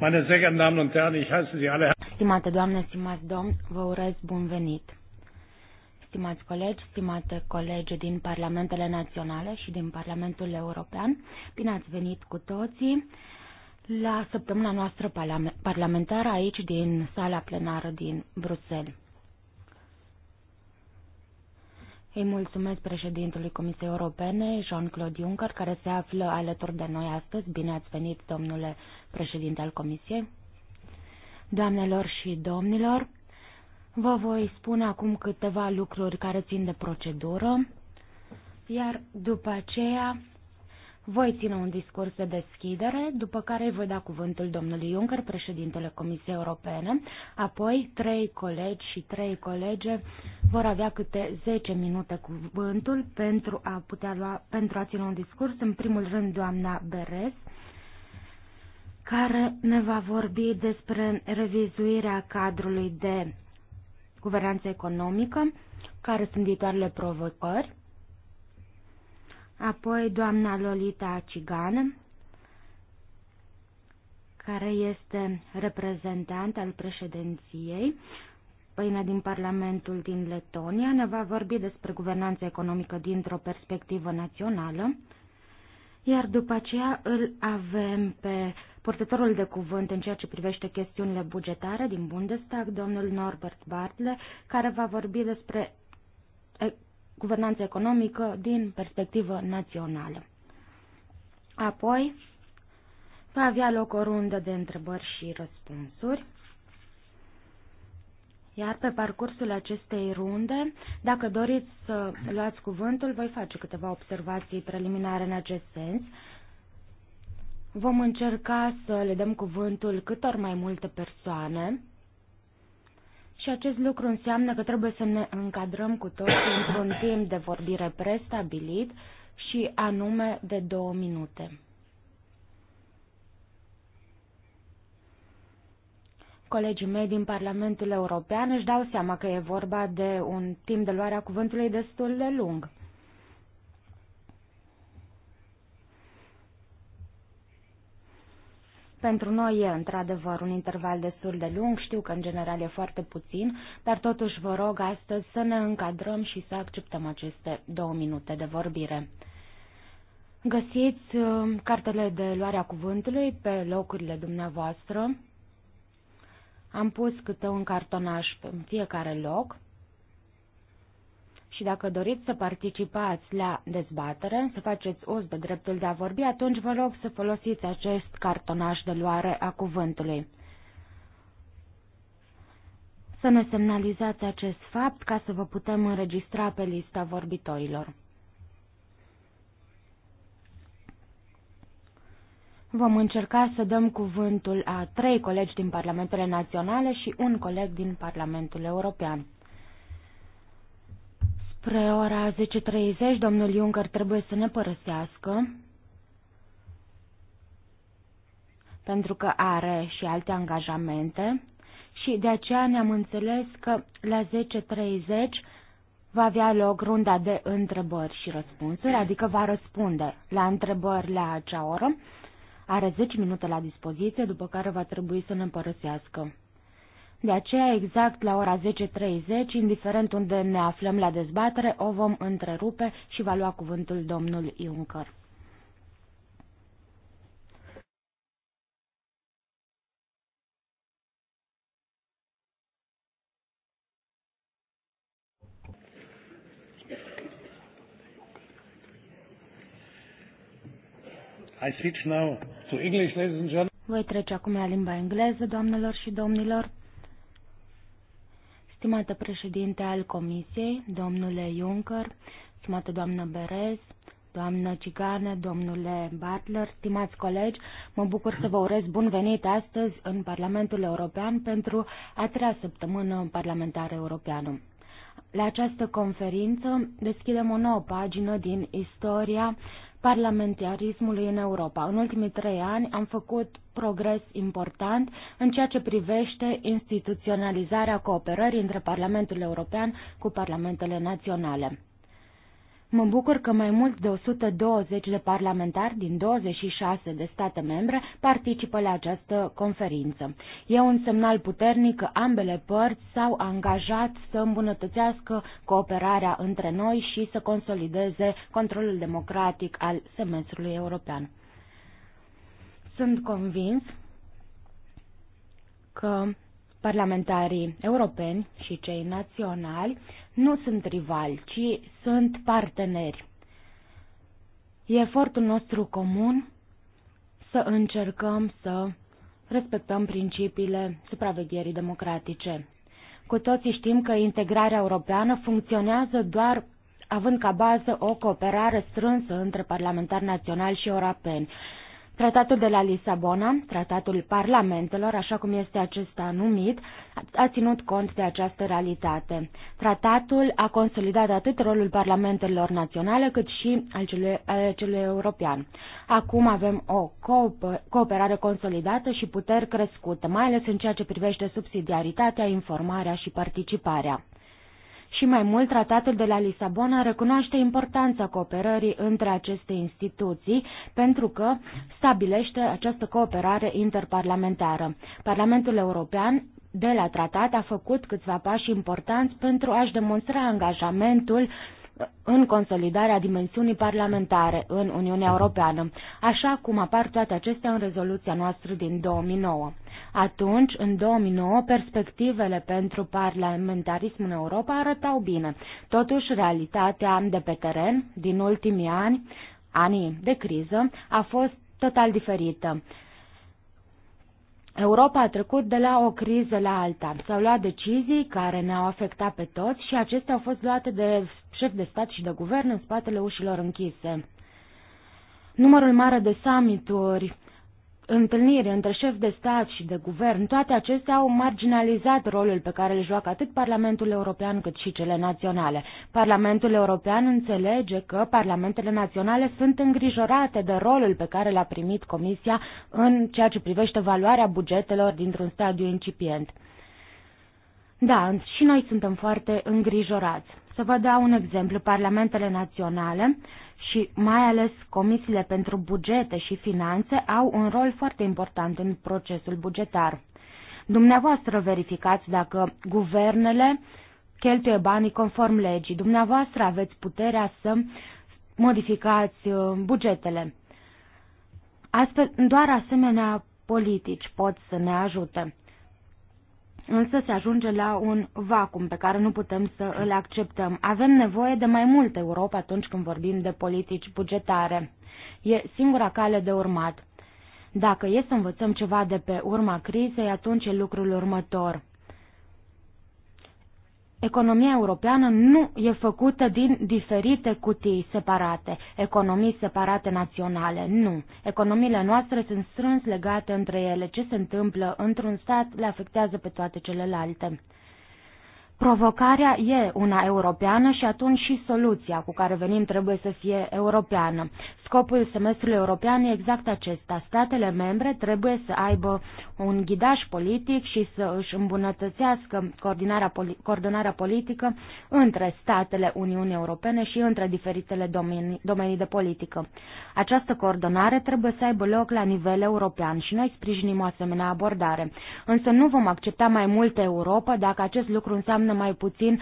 Meine sehr geehrten Damen und Herren, ich heiße Sie alle. Stimate doamne, stimați domn, vă urez bun venit. Stimați colegi, stimate colegi din Parlamentele Naționale și din Parlamentul European, bine ați venit cu toții la săptămâna noastră parlamentară aici din sala plenară din Bruxelles. Îi mulțumesc președintelui Comisiei Europene, Jean-Claude Juncker, care se află alături de noi astăzi. Bine ați venit, domnule președinte al Comisiei. Doamnelor și domnilor, vă voi spune acum câteva lucruri care țin de procedură, iar după aceea voi ține un discurs de deschidere, după care voi da cuvântul domnului Juncker, președintele Comisiei Europene, apoi trei colegi și trei colege vor avea câte 10 minute cuvântul pentru a, putea lua, pentru a ține un discurs, în primul rând doamna Beres, care ne va vorbi despre revizuirea cadrului de guvernanță economică, care sunt viitoarele provocări, apoi doamna Lolita Cigan, care este reprezentant al președinției, păină din Parlamentul din Letonia, ne va vorbi despre guvernanța economică dintr-o perspectivă națională, iar după aceea îl avem pe purtătorul de cuvânt în ceea ce privește chestiunile bugetare din Bundestag, domnul Norbert Bartle, care va vorbi despre guvernanță economică din perspectivă națională. Apoi, va avea loc o rundă de întrebări și răspunsuri. Iar pe parcursul acestei runde, dacă doriți să luați cuvântul, voi face câteva observații preliminare în acest sens. Vom încerca să le dăm cuvântul câtor mai multe persoane. Și acest lucru înseamnă că trebuie să ne încadrăm cu toții într-un timp de vorbire prestabilit și anume de două minute. Colegii mei din Parlamentul European își dau seama că e vorba de un timp de luare a cuvântului destul de lung. Pentru noi e într-adevăr un interval destul de lung, știu că în general e foarte puțin, dar totuși vă rog astăzi să ne încadrăm și să acceptăm aceste două minute de vorbire. Găsiți uh, cartele de luarea cuvântului pe locurile dumneavoastră. Am pus câte un cartonaș în fiecare loc și dacă doriți să participați la dezbatere, să faceți uz de dreptul de a vorbi, atunci vă rog să folosiți acest cartonaș de luare a cuvântului. Să ne semnalizați acest fapt ca să vă putem înregistra pe lista vorbitorilor. Vom încerca să dăm cuvântul a trei colegi din Parlamentele Naționale și un coleg din Parlamentul European. Spre ora 10.30, domnul Juncker trebuie să ne părăsească, pentru că are și alte angajamente și de aceea ne-am înțeles că la 10.30 va avea loc runda de întrebări și răspunsuri, adică va răspunde la întrebări la acea oră. Are 10 minute la dispoziție, după care va trebui să ne părăsească. De aceea, exact la ora 10.30, indiferent unde ne aflăm la dezbatere, o vom întrerupe și va lua cuvântul domnul Juncker. I switch now to English, ladies and gentlemen. Voi trece acum la limba engleză, doamnelor și domnilor. Stimată președinte al Comisiei, domnule Juncker, stimată doamnă Berez, doamnă Cigană, domnule Butler, stimați colegi, mă bucur să vă urez bun venit astăzi în Parlamentul European pentru a treia săptămână parlamentară europeană. La această conferință deschidem o nouă pagină din istoria parlamentarismului în Europa. În ultimii trei ani am făcut progres important în ceea ce privește instituționalizarea cooperării între Parlamentul European cu parlamentele naționale. Mă bucur că mai mult de 120 de parlamentari din 26 de state membre participă la această conferință. E un semnal puternic că ambele părți s-au angajat să îmbunătățească cooperarea între noi și să consolideze controlul democratic al semestrului european. Sunt convins că parlamentarii europeni și cei naționali nu sunt rivali, ci sunt parteneri. E efortul nostru comun să încercăm să respectăm principiile supravegherii democratice. Cu toții știm că integrarea europeană funcționează doar având ca bază o cooperare strânsă între parlamentari naționali și europeni. Tratatul de la Lisabona, tratatul parlamentelor, așa cum este acesta numit, a ținut cont de această realitate. Tratatul a consolidat atât rolul parlamentelor naționale cât și al celui, al celui european. Acum avem o cooperare consolidată și puteri crescute, mai ales în ceea ce privește subsidiaritatea, informarea și participarea. Și mai mult, tratatul de la Lisabona recunoaște importanța cooperării între aceste instituții pentru că stabilește această cooperare interparlamentară. Parlamentul European de la tratat a făcut câțiva pași importanți pentru a-și demonstra angajamentul în consolidarea dimensiunii parlamentare în Uniunea Europeană, așa cum apar toate acestea în rezoluția noastră din 2009. Atunci, în 2009, perspectivele pentru parlamentarism în Europa arătau bine. Totuși, realitatea de pe teren din ultimii ani, anii de criză, a fost total diferită. Europa a trecut de la o criză la alta. S-au luat decizii care ne-au afectat pe toți și acestea au fost luate de șef de stat și de guvern în spatele ușilor închise. Numărul mare de summituri întâlniri între șef de stat și de guvern, toate acestea au marginalizat rolul pe care îl joacă atât Parlamentul European cât și cele naționale. Parlamentul European înțelege că parlamentele naționale sunt îngrijorate de rolul pe care l-a primit Comisia în ceea ce privește valoarea bugetelor dintr-un stadiu incipient. Da, și noi suntem foarte îngrijorați. Să vă dau un exemplu. Parlamentele naționale și mai ales comisiile pentru bugete și finanțe au un rol foarte important în procesul bugetar. Dumneavoastră verificați dacă guvernele cheltuie banii conform legii. Dumneavoastră aveți puterea să modificați uh, bugetele. Astfel, doar asemenea politici pot să ne ajute însă se ajunge la un vacuum pe care nu putem să îl acceptăm. Avem nevoie de mai multă Europa atunci când vorbim de politici bugetare. E singura cale de urmat. Dacă e să învățăm ceva de pe urma crizei, atunci e lucrul următor. Economia europeană nu e făcută din diferite cutii separate, economii separate naționale, nu. Economiile noastre sunt strâns legate între ele. Ce se întâmplă într-un stat le afectează pe toate celelalte. Provocarea e una europeană și atunci și soluția cu care venim trebuie să fie europeană. Scopul semestrului european e exact acesta. Statele membre trebuie să aibă un ghidaj politic și să își îmbunătățească coordonarea, poli coordonarea politică între statele Uniunii Europene și între diferitele domenii, domenii de politică. Această coordonare trebuie să aibă loc la nivel european și noi sprijinim o asemenea abordare. Însă nu vom accepta mai multă Europa dacă acest lucru înseamnă mai puțin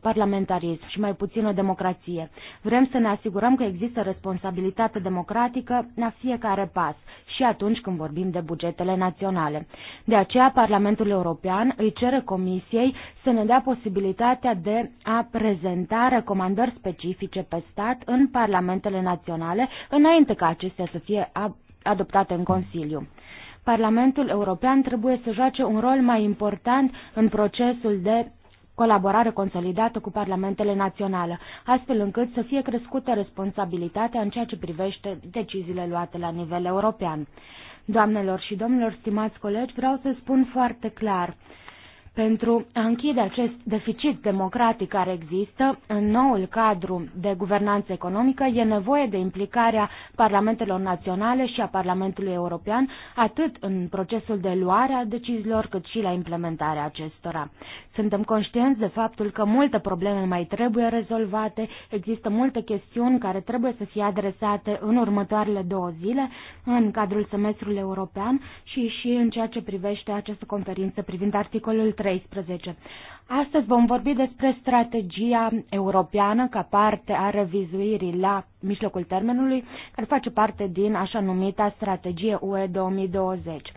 parlamentarism și mai puțină democrație. Vrem să ne asigurăm că există responsabilitate legitimitate democratică la fiecare pas și atunci când vorbim de bugetele naționale. De aceea, Parlamentul European îi cere Comisiei să ne dea posibilitatea de a prezenta recomandări specifice pe stat în Parlamentele naționale înainte ca acestea să fie adoptate în Consiliu. Parlamentul European trebuie să joace un rol mai important în procesul de colaborare consolidată cu parlamentele naționale, astfel încât să fie crescută responsabilitatea în ceea ce privește deciziile luate la nivel european. Doamnelor și domnilor, stimați colegi, vreau să spun foarte clar pentru a închide acest deficit democratic care există în noul cadru de guvernanță economică, e nevoie de implicarea parlamentelor naționale și a Parlamentului European, atât în procesul de luare a deciziilor, cât și la implementarea acestora. Suntem conștienți de faptul că multe probleme mai trebuie rezolvate, există multe chestiuni care trebuie să fie adresate în următoarele două zile în cadrul semestrului european și și în ceea ce privește această conferință privind articolul 3 2013. Astăzi vom vorbi despre strategia europeană ca parte a revizuirii la mijlocul termenului, care face parte din așa numita strategie UE 2020.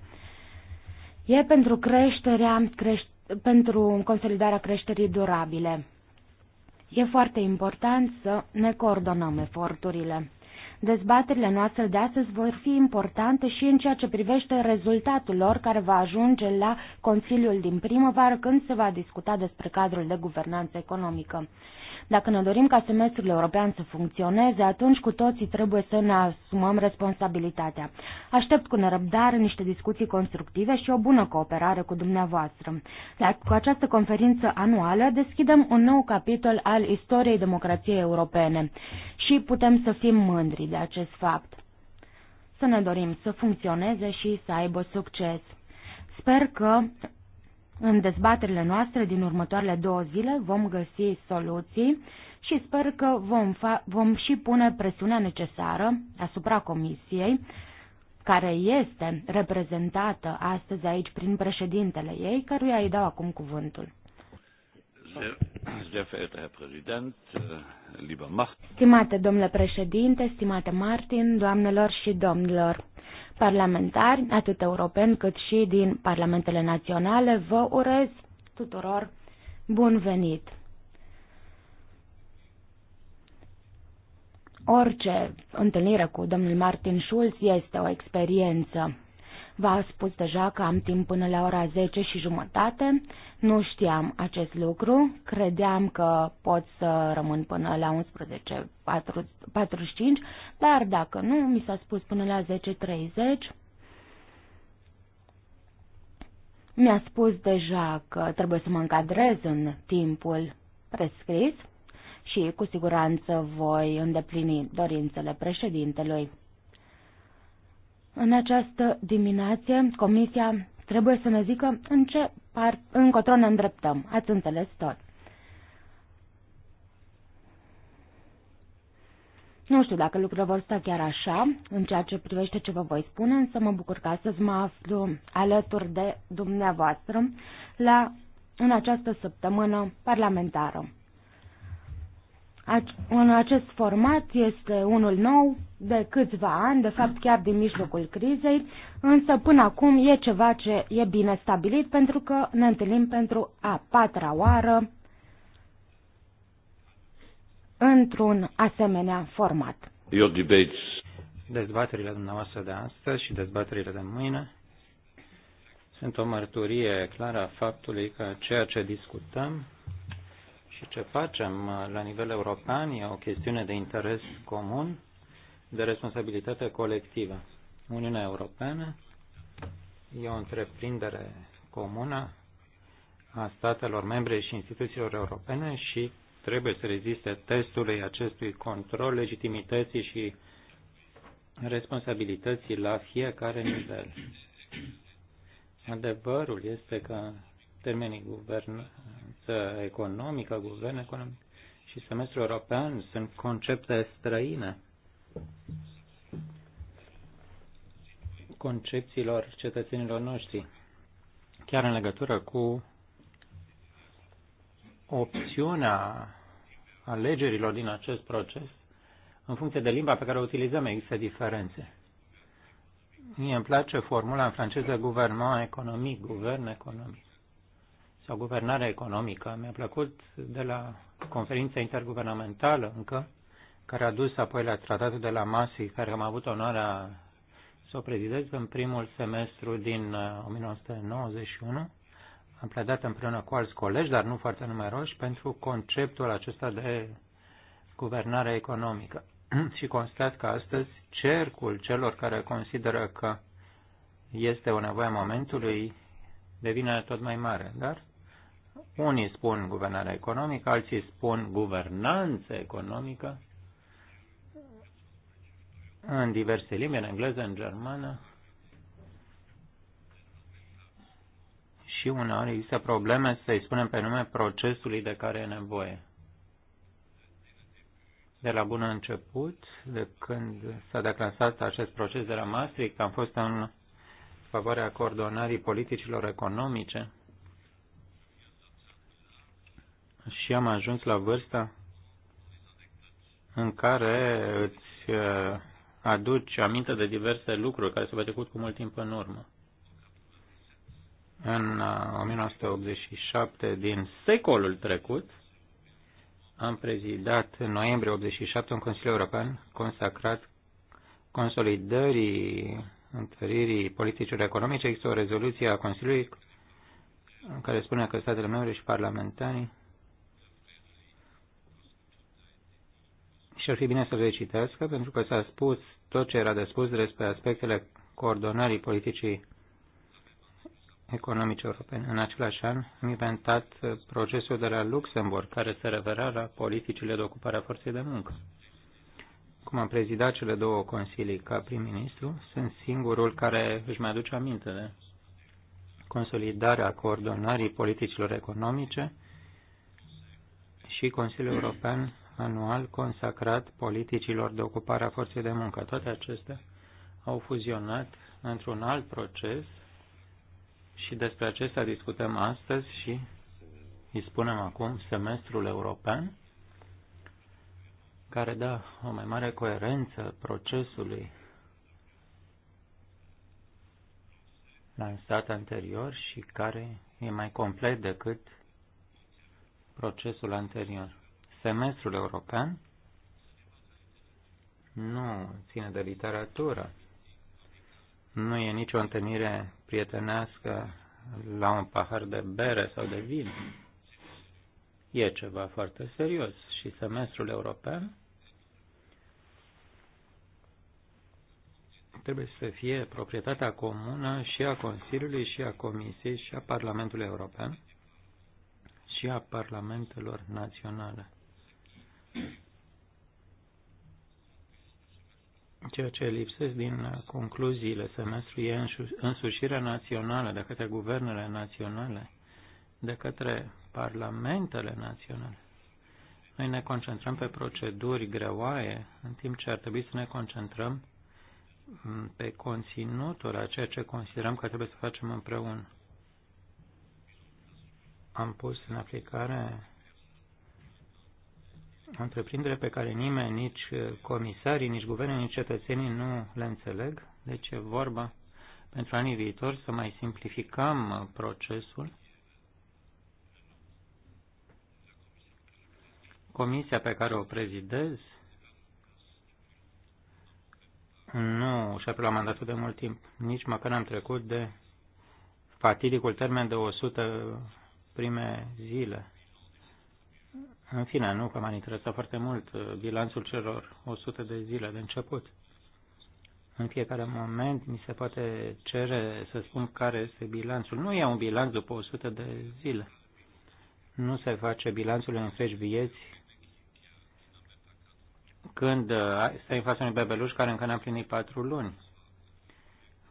E pentru creșterea, creș, pentru consolidarea creșterii durabile. E foarte important să ne coordonăm eforturile. Dezbaterile noastre de astăzi vor fi importante și în ceea ce privește rezultatul lor care va ajunge la Consiliul din primăvară când se va discuta despre cadrul de guvernanță economică. Dacă ne dorim ca semestrul european să funcționeze, atunci cu toții trebuie să ne asumăm responsabilitatea. Aștept cu nerăbdare niște discuții constructive și o bună cooperare cu dumneavoastră. Dar cu această conferință anuală deschidem un nou capitol al istoriei democrației europene și putem să fim mândri de acest fapt. Să ne dorim să funcționeze și să aibă succes. Sper că în dezbaterile noastre din următoarele două zile vom găsi soluții și sper că vom, vom și pune presiunea necesară asupra Comisiei, care este reprezentată astăzi aici prin președintele ei, căruia îi dau acum cuvântul. Äh, stimate domnule președinte, stimate Martin, doamnelor și domnilor, parlamentari, atât europeni cât și din parlamentele naționale, vă urez tuturor bun venit! Orice întâlnire cu domnul Martin Schulz este o experiență V-a spus deja că am timp până la ora 10 și jumătate. Nu știam acest lucru. Credeam că pot să rămân până la 11.45, dar dacă nu, mi s-a spus până la 10.30. Mi-a spus deja că trebuie să mă încadrez în timpul prescris și cu siguranță voi îndeplini dorințele președintelui. În această dimineață, Comisia trebuie să ne zică în ce part, încotro ne îndreptăm. Ați înțeles tot. Nu știu dacă lucrurile vor sta chiar așa, în ceea ce privește ce vă voi spune, însă mă bucur că astăzi mă aflu alături de dumneavoastră la, în această săptămână parlamentară. În acest format este unul nou de câțiva ani, de fapt chiar din mijlocul crizei, însă până acum e ceva ce e bine stabilit pentru că ne întâlnim pentru a patra oară într-un asemenea format. Your debates. Dezbaterile dumneavoastră de astăzi și dezbaterile de mâine sunt o mărturie clară a faptului că ceea ce discutăm și ce facem la nivel european e o chestiune de interes comun, de responsabilitate colectivă. Uniunea Europeană e o întreprindere comună a statelor membre și instituțiilor europene și trebuie să reziste testului acestui control legitimității și responsabilității la fiecare nivel. Adevărul este că termenii guvernanță economică, guvern economic și semestrul european sunt concepte străine concepțiilor cetățenilor noștri, chiar în legătură cu opțiunea alegerilor din acest proces, în funcție de limba pe care o utilizăm, există diferențe. Mie îmi place formula în franceză guvernement economic, guvern economic sau guvernare economică. Mi-a plăcut de la conferința interguvernamentală încă, care a dus apoi la tratatul de la Masi, care am avut onoarea să o prezidez în primul semestru din 1991. Uh, am pledat împreună cu alți colegi, dar nu foarte numeroși, pentru conceptul acesta de guvernare economică. și constat că astăzi cercul celor care consideră că este o nevoie a momentului devine tot mai mare, dar unii spun guvernare economică, alții spun guvernanță economică, în diverse limbi, în engleză, în germană. Și uneori există probleme să-i spunem pe nume procesului de care e nevoie. De la bun început, de când s-a declansat acest proces de la Maastricht, am fost în favoarea coordonării politicilor economice și am ajuns la vârsta în care îți uh, aduci aminte de diverse lucruri care s-au petrecut cu mult timp în urmă. În 1987, uh, din secolul trecut, am prezidat în noiembrie 87 un Consiliu European consacrat consolidării întăririi politicilor economice. Există o rezoluție a Consiliului care spune că statele membre și parlamentarii și ar fi bine să le citească, pentru că s-a spus tot ce era de spus despre aspectele coordonării politicii economice europene. În același an am inventat procesul de la Luxemburg, care se refera la politicile de ocupare a forței de muncă. Cum am prezidat cele două consilii ca prim-ministru, sunt singurul care își mai aduce aminte de consolidarea coordonării politicilor economice și Consiliul European anual consacrat politicilor de ocupare a forței de muncă. Toate acestea au fuzionat într-un alt proces și despre acesta discutăm astăzi și îi spunem acum semestrul european, care dă o mai mare coerență procesului lansat anterior și care e mai complet decât procesul anterior. Semestrul european nu ține de literatură. Nu e nicio întâlnire prietenească la un pahar de bere sau de vin. E ceva foarte serios și semestrul european trebuie să fie proprietatea comună și a Consiliului și a Comisiei și a Parlamentului European și a Parlamentelor Naționale. Ceea ce lipsesc din concluziile semestrului e însușirea națională de către guvernele naționale, de către parlamentele naționale. Noi ne concentrăm pe proceduri greoaie, în timp ce ar trebui să ne concentrăm mm, pe conținutul a ceea ce considerăm că trebuie să facem împreună. Am pus în aplicare o întreprindere pe care nimeni, nici uh, comisarii, nici guverne, nici cetățenii nu le înțeleg. Deci e vorba pentru anii viitori să mai simplificăm uh, procesul. Comisia pe care o prezidez nu și-a preluat mandatul de mult timp. Nici măcar am trecut de fatidicul termen de 100 uh, prime zile. În fine, nu că m-a interesat foarte mult uh, bilanțul celor 100 de zile de început. În fiecare moment mi se poate cere să spun care este bilanțul. Nu e un bilanț după 100 de zile. Nu se face bilanțul în întregi vieți când uh, stai în fața unui bebeluș care încă n-a plinit patru luni.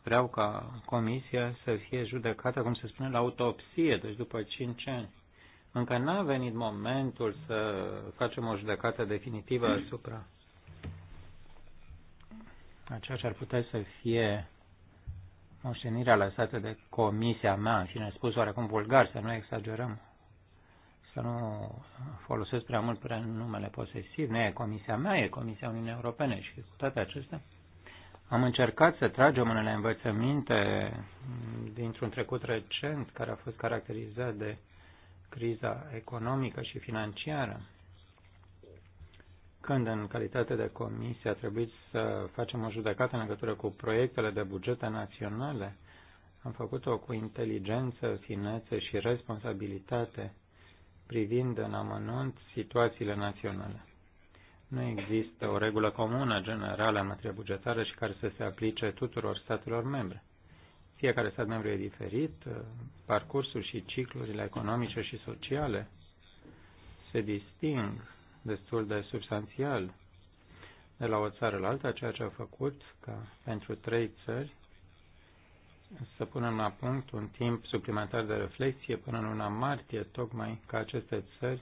Vreau ca comisia să fie judecată, cum se spune, la autopsie, deci după cinci ani. Încă n-a venit momentul să facem o judecată definitivă asupra a ceea ce ar putea să fie moștenirea lăsată de comisia mea, în fine spus oarecum vulgar, să nu exagerăm, să nu folosesc prea mult prea numele posesiv, nu e comisia mea, e comisia Uniunii Europene și cu toate acestea am încercat să tragem unele învățăminte dintr-un trecut recent care a fost caracterizat de criza economică și financiară, când în calitate de comisie a trebuit să facem o judecată în legătură cu proiectele de bugete naționale, am făcut-o cu inteligență, finețe și responsabilitate, privind în amănunt situațiile naționale. Nu există o regulă comună generală în materie bugetară și care să se aplice tuturor statelor membre. Fiecare stat membru e diferit, uh, parcursul și ciclurile economice și sociale se disting destul de substanțial de la o țară la alta, ceea ce a făcut ca pentru trei țări să punem la punct un timp suplimentar de reflexie până în luna martie, tocmai ca aceste țări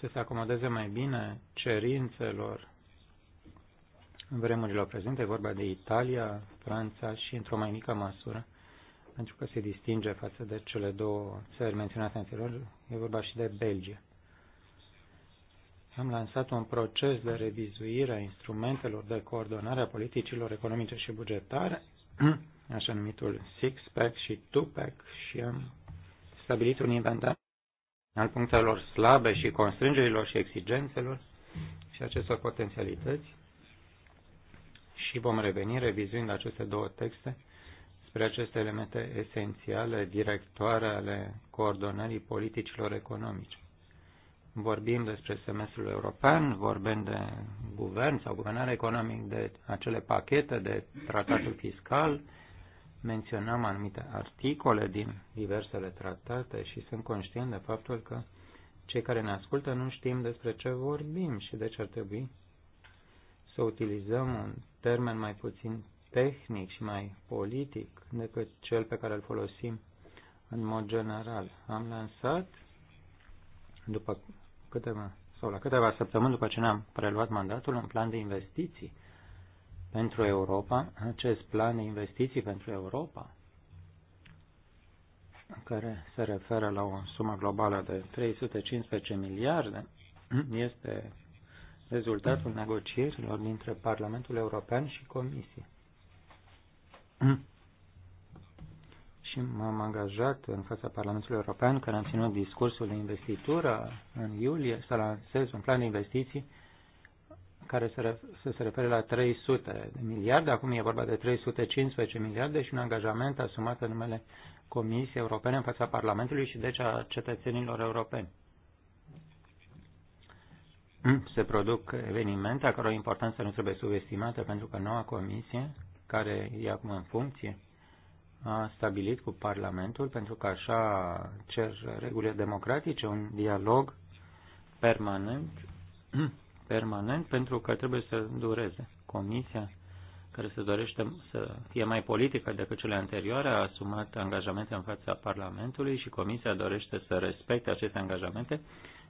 să se acomodeze mai bine cerințelor în vremurile prezente, vorba de Italia, Franța și, într-o mai mică măsură, pentru că se distinge față de cele două țări menționate anterior, e vorba și de Belgia. Am lansat un proces de revizuire a instrumentelor de coordonare a politicilor economice și bugetare, așa numitul six-pack și two-pack, și am stabilit un inventar al punctelor slabe și constrângerilor și exigențelor și acestor potențialități și vom reveni revizuind aceste două texte spre aceste elemente esențiale, directoare ale coordonării politicilor economice. Vorbim despre semestrul european, vorbim de guvern sau guvernare economic, de acele pachete, de tratatul fiscal, menționăm anumite articole din diversele tratate și sunt conștient de faptul că cei care ne ascultă nu știm despre ce vorbim și deci ar trebui să utilizăm un termen mai puțin tehnic și mai politic decât cel pe care îl folosim în mod general. Am lansat după câteva sau la câteva săptămâni după ce ne-am preluat mandatul un plan de investiții pentru Europa, acest plan de investiții pentru Europa, care se referă la o sumă globală de 315 miliarde, este rezultatul negocierilor dintre Parlamentul European și Comisie. și m-am angajat în fața Parlamentului European, când am ținut discursul de investitură în iulie, să lansez un plan de investiții care să, să se refere la 300 de miliarde, acum e vorba de 315 miliarde și un angajament asumat în numele Comisiei Europene în fața Parlamentului și deci a cetățenilor europeni. Mm. se produc evenimente a căror importanță nu trebuie subestimată pentru că noua comisie, care e acum în funcție, a stabilit cu Parlamentul, pentru că așa cer regulile democratice, un dialog permanent, permanent pentru că trebuie să dureze. Comisia care se dorește să fie mai politică decât cele anterioare, a asumat angajamente în fața Parlamentului și Comisia dorește să respecte aceste angajamente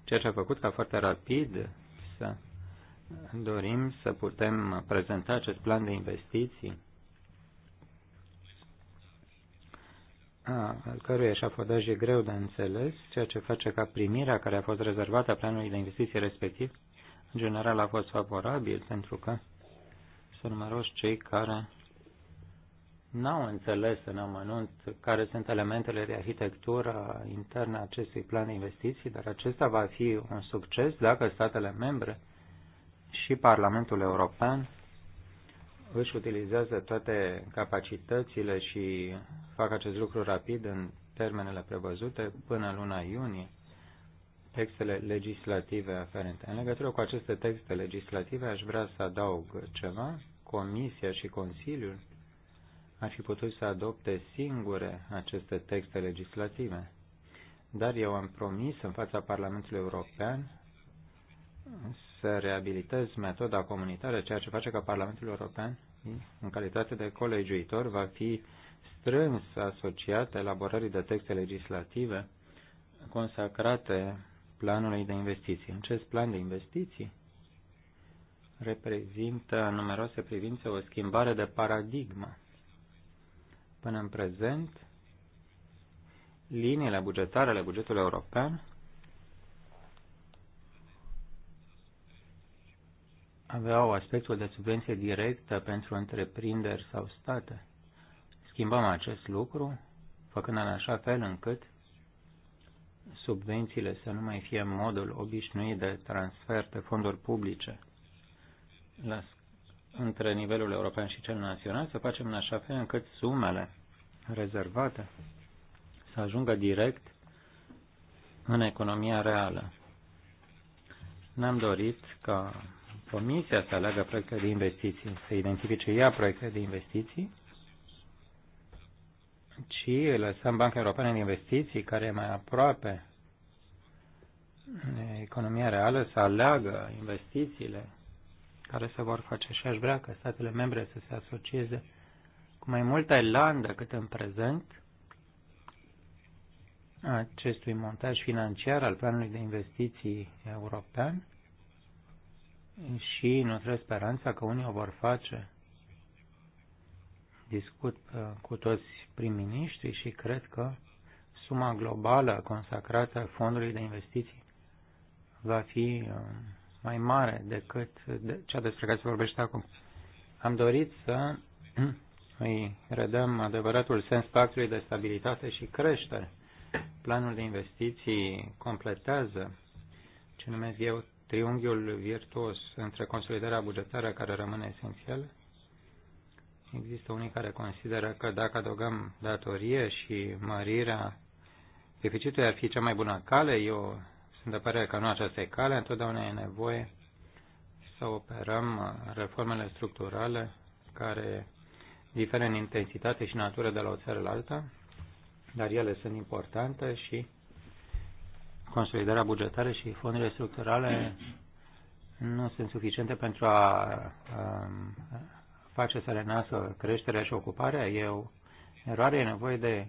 ceea ce a făcut ca foarte rapid să dorim să putem prezenta acest plan de investiții al căruia eșafodaj e greu de înțeles, ceea ce face ca primirea care a fost rezervată planului de investiții respectiv, în general a fost favorabil, pentru că sunt numeroși cei care n-au înțeles în amănunt care sunt elementele de arhitectură internă a acestui plan de investiții, dar acesta va fi un succes dacă statele membre și Parlamentul European își utilizează toate capacitățile și fac acest lucru rapid în termenele prevăzute până luna iunie textele legislative aferente. În legătură cu aceste texte legislative aș vrea să adaug ceva. Comisia și Consiliul ar fi putut să adopte singure aceste texte legislative. Dar eu am promis în fața Parlamentului European să reabilitez metoda comunitară, ceea ce face ca Parlamentul European, în calitate de colegiuitor, va fi strâns asociat elaborării de texte legislative consacrate planului de investiții. Acest plan de investiții reprezintă în numeroase privințe o schimbare de paradigmă Până în prezent, liniile bugetare ale bugetului european aveau aspectul de subvenție directă pentru întreprinderi sau state. Schimbăm acest lucru, făcând în așa fel încât subvențiile să nu mai fie modul obișnuit de transfer pe fonduri publice la între nivelul european și cel național, să facem în așa fel încât sumele rezervate să ajungă direct în economia reală. Ne-am dorit ca Comisia să aleagă proiecte de investiții, să identifice ea proiecte de investiții, ci lăsăm Banca Europeană de Investiții, care e mai aproape economia reală, să aleagă investițiile care se vor face și aș vrea ca statele membre să se asocieze cu mai multă elan decât în prezent acestui montaj financiar al planului de investiții european și trebuie speranța că unii o vor face. Discut uh, cu toți prim-ministrii și cred că suma globală consacrată fondului de investiții va fi um, mai mare decât cea despre care se vorbește acum. Am dorit să îi redăm adevăratul sens pactului de stabilitate și creștere. Planul de investiții completează ce numesc eu triunghiul virtuos între consolidarea bugetară care rămâne esențială. Există unii care consideră că dacă adăugăm datorie și mărirea deficitului ar fi cea mai bună cale. Eu sunt de părere că nu aceasta e calea, întotdeauna e nevoie să operăm reformele structurale care diferă în intensitate și natură de la o țară la alta, dar ele sunt importante și consolidarea bugetară și fondurile structurale nu sunt suficiente pentru a, um, face să renască creșterea și ocuparea. Eu eroare e nevoie de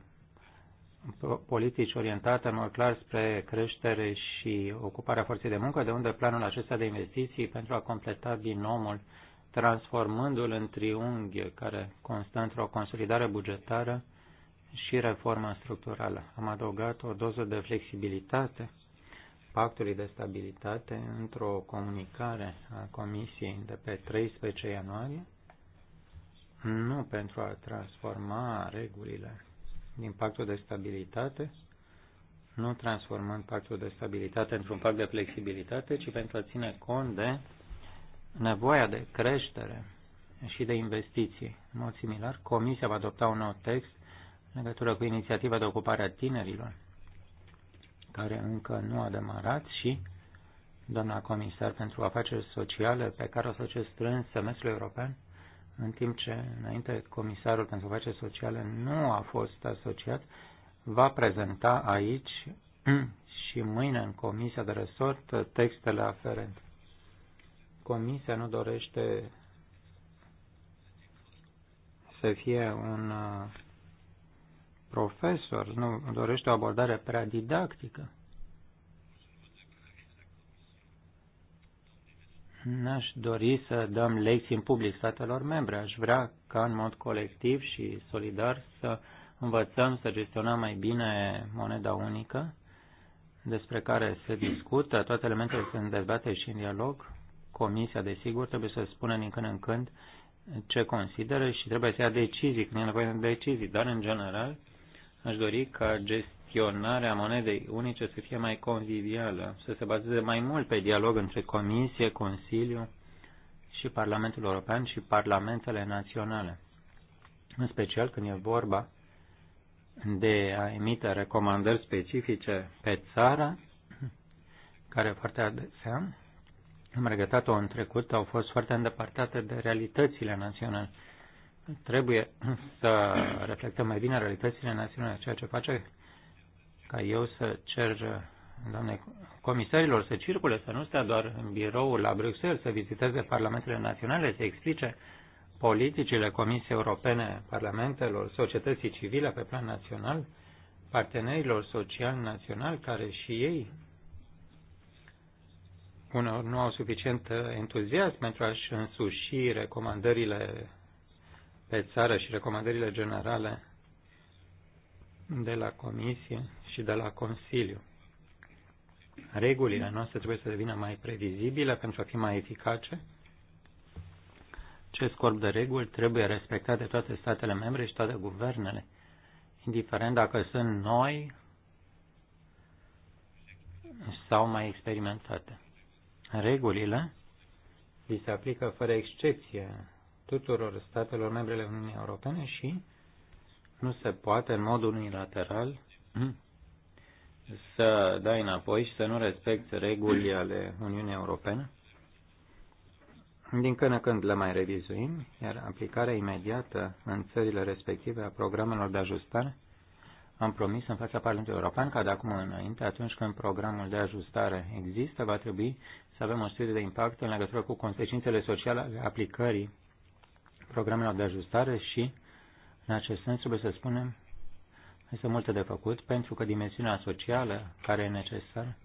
politici orientate în mod clar spre creștere și ocuparea forței de muncă, de unde planul acesta de investiții pentru a completa binomul, transformându-l în triunghi care constă într-o consolidare bugetară și reformă structurală. Am adăugat o doză de flexibilitate pactului de stabilitate într-o comunicare a Comisiei de pe 13 ianuarie, nu pentru a transforma regulile din pactul de stabilitate, nu transformând pactul de stabilitate într-un pact de flexibilitate, ci pentru a ține cont de nevoia de creștere și de investiții. În mod similar, Comisia va adopta un nou text în legătură cu inițiativa de ocupare a tinerilor, care încă nu a demarat și doamna comisar pentru afaceri sociale, pe care o să ce strâns semestrul european, în timp ce înainte Comisarul pentru afaceri Socială nu a fost asociat, va prezenta aici și mâine în Comisia de Resort textele aferente. Comisia nu dorește să fie un uh, profesor, nu dorește o abordare prea didactică. N-aș dori să dăm lecții în public statelor membre. Aș vrea ca în mod colectiv și solidar să învățăm să gestionăm mai bine moneda unică despre care se discută, toate elementele sunt dezbate și în dialog. Comisia, desigur, trebuie să spună din când în când ce consideră și trebuie să ia decizii când e nevoie de decizii, dar în general aș dori ca gest gestionarea monedei unice să fie mai convivială, să se bazeze mai mult pe dialog între Comisie, Consiliu și Parlamentul European și Parlamentele Naționale, în special când e vorba de a emite recomandări specifice pe țară, care foarte adesea, am regătat-o în trecut, au fost foarte îndepărtate de realitățile naționale. Trebuie să reflectăm mai bine realitățile naționale, ceea ce face ca eu să cer doamne, comisarilor să circule, să nu stea doar în birou la Bruxelles, să viziteze parlamentele naționale, să explice politicile Comisiei Europene, parlamentelor, societății civile pe plan național, partenerilor social național care și ei uneori nu au suficient entuziasm pentru a-și însuși recomandările pe țară și recomandările generale de la Comisie și de la Consiliu. Regulile noastre trebuie să devină mai previzibile pentru a fi mai eficace. Acest corp de reguli trebuie respectat de toate statele membre și toate guvernele, indiferent dacă sunt noi sau mai experimentate. Regulile vi se aplică fără excepție tuturor statelor membrele Uniunii Europene și nu se poate în mod unilateral mm. să dai înapoi și să nu respecti reguli ale Uniunii Europene. Din când în când le mai revizuim, iar aplicarea imediată în țările respective a programelor de ajustare am promis în fața Parlamentului European că de acum înainte, atunci când programul de ajustare există, va trebui să avem un studiu de impact în legătură cu consecințele sociale ale aplicării programelor de ajustare și în acest sens, trebuie să spunem, este multe de făcut, pentru că dimensiunea socială care e necesară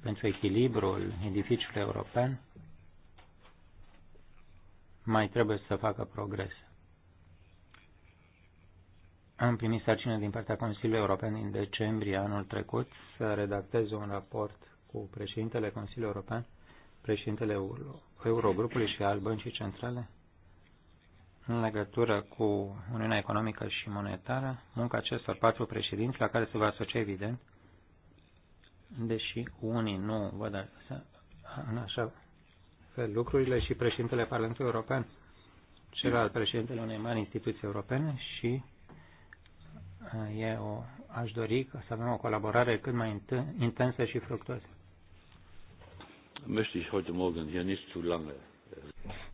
pentru echilibrul edificiului european mai trebuie să facă progres. Am primit sarcină din partea Consiliului European din decembrie anul trecut să redactez un raport cu președintele Consiliului European, președintele Eurogrupului și al Băncii Centrale în legătură cu Uniunea Economică și Monetară, munca acestor patru președinți, la care se va asocia evident, deși unii nu văd în așa fel lucrurile și președintele Parlamentului European, al președintele unei mari instituții europene și uh, eu aș dori să avem o colaborare cât mai intensă și fructuoasă. Möchte ich heute Morgen hier nicht zu lange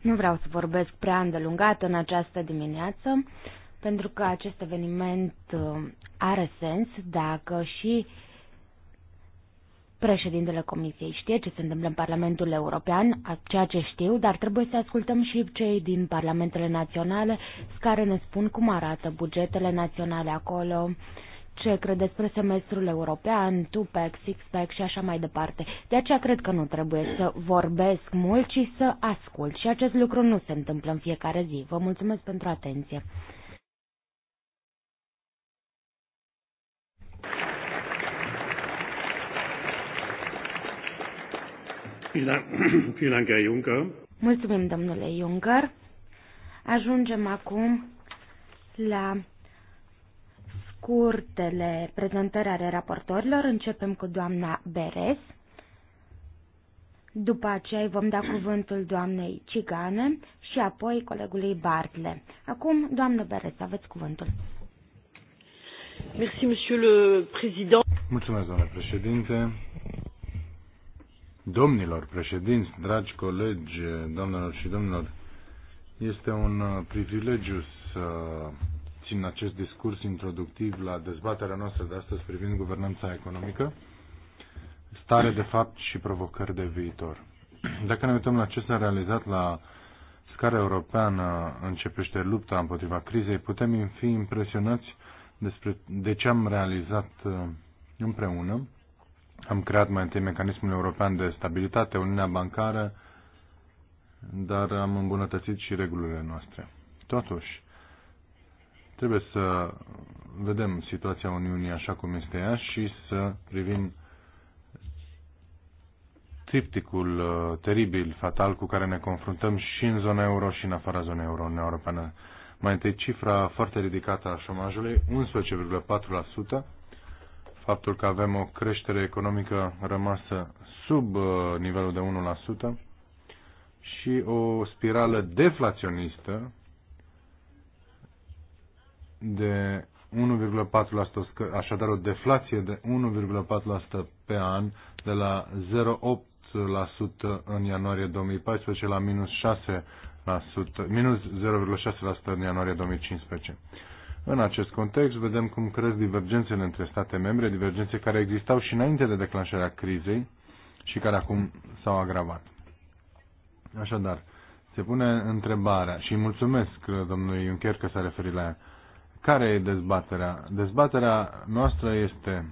nu vreau să vorbesc prea îndelungat în această dimineață, pentru că acest eveniment uh, are sens dacă și președintele Comisiei știe ce se întâmplă în Parlamentul European, ceea ce știu, dar trebuie să ascultăm și cei din Parlamentele Naționale care ne spun cum arată bugetele naționale acolo, uh, ce cred despre semestrul european, Tupac, Sixpack six și așa mai departe. De aceea cred că nu trebuie să vorbesc mult, ci să ascult. Și acest lucru nu se întâmplă în fiecare zi. Vă mulțumesc pentru atenție. Mulțumim, domnule Juncker. Ajungem acum la scurtele prezentări ale raportorilor. Începem cu doamna Beres. După aceea îi vom da cuvântul doamnei Cigane și apoi colegului Bartle. Acum, doamnă Beres, aveți cuvântul. Merci, monsieur le président. Mulțumesc, doamnă președinte. Domnilor președinți, dragi colegi, doamnelor și domnilor, este un privilegiu să în acest discurs introductiv la dezbaterea noastră de astăzi privind guvernanța economică, stare de fapt și provocări de viitor. Dacă ne uităm la ce s-a realizat la scară europeană începește lupta împotriva crizei, putem fi impresionați despre de ce am realizat uh, împreună. Am creat mai întâi mecanismul european de stabilitate, Uniunea Bancară, dar am îmbunătățit și regulile noastre. Totuși, Trebuie să vedem situația Uniunii așa cum este ea și să privim tripticul uh, teribil, fatal, cu care ne confruntăm și în zona euro și în afara zonei euro, în europeană. Mai întâi, cifra foarte ridicată a șomajului, 11,4%, faptul că avem o creștere economică rămasă sub uh, nivelul de 1% și o spirală deflaționistă de 1,4%, așadar o deflație de 1,4% pe an de la 0,8% în ianuarie 2014 la minus 6%, minus 0,6% în ianuarie 2015. În acest context, vedem cum cresc divergențele între state membre, divergențe care existau și înainte de declanșarea crizei și care acum s-au agravat. Așadar, se pune întrebarea și mulțumesc domnului Juncker că s-a referit la ea care e dezbaterea? Dezbaterea noastră este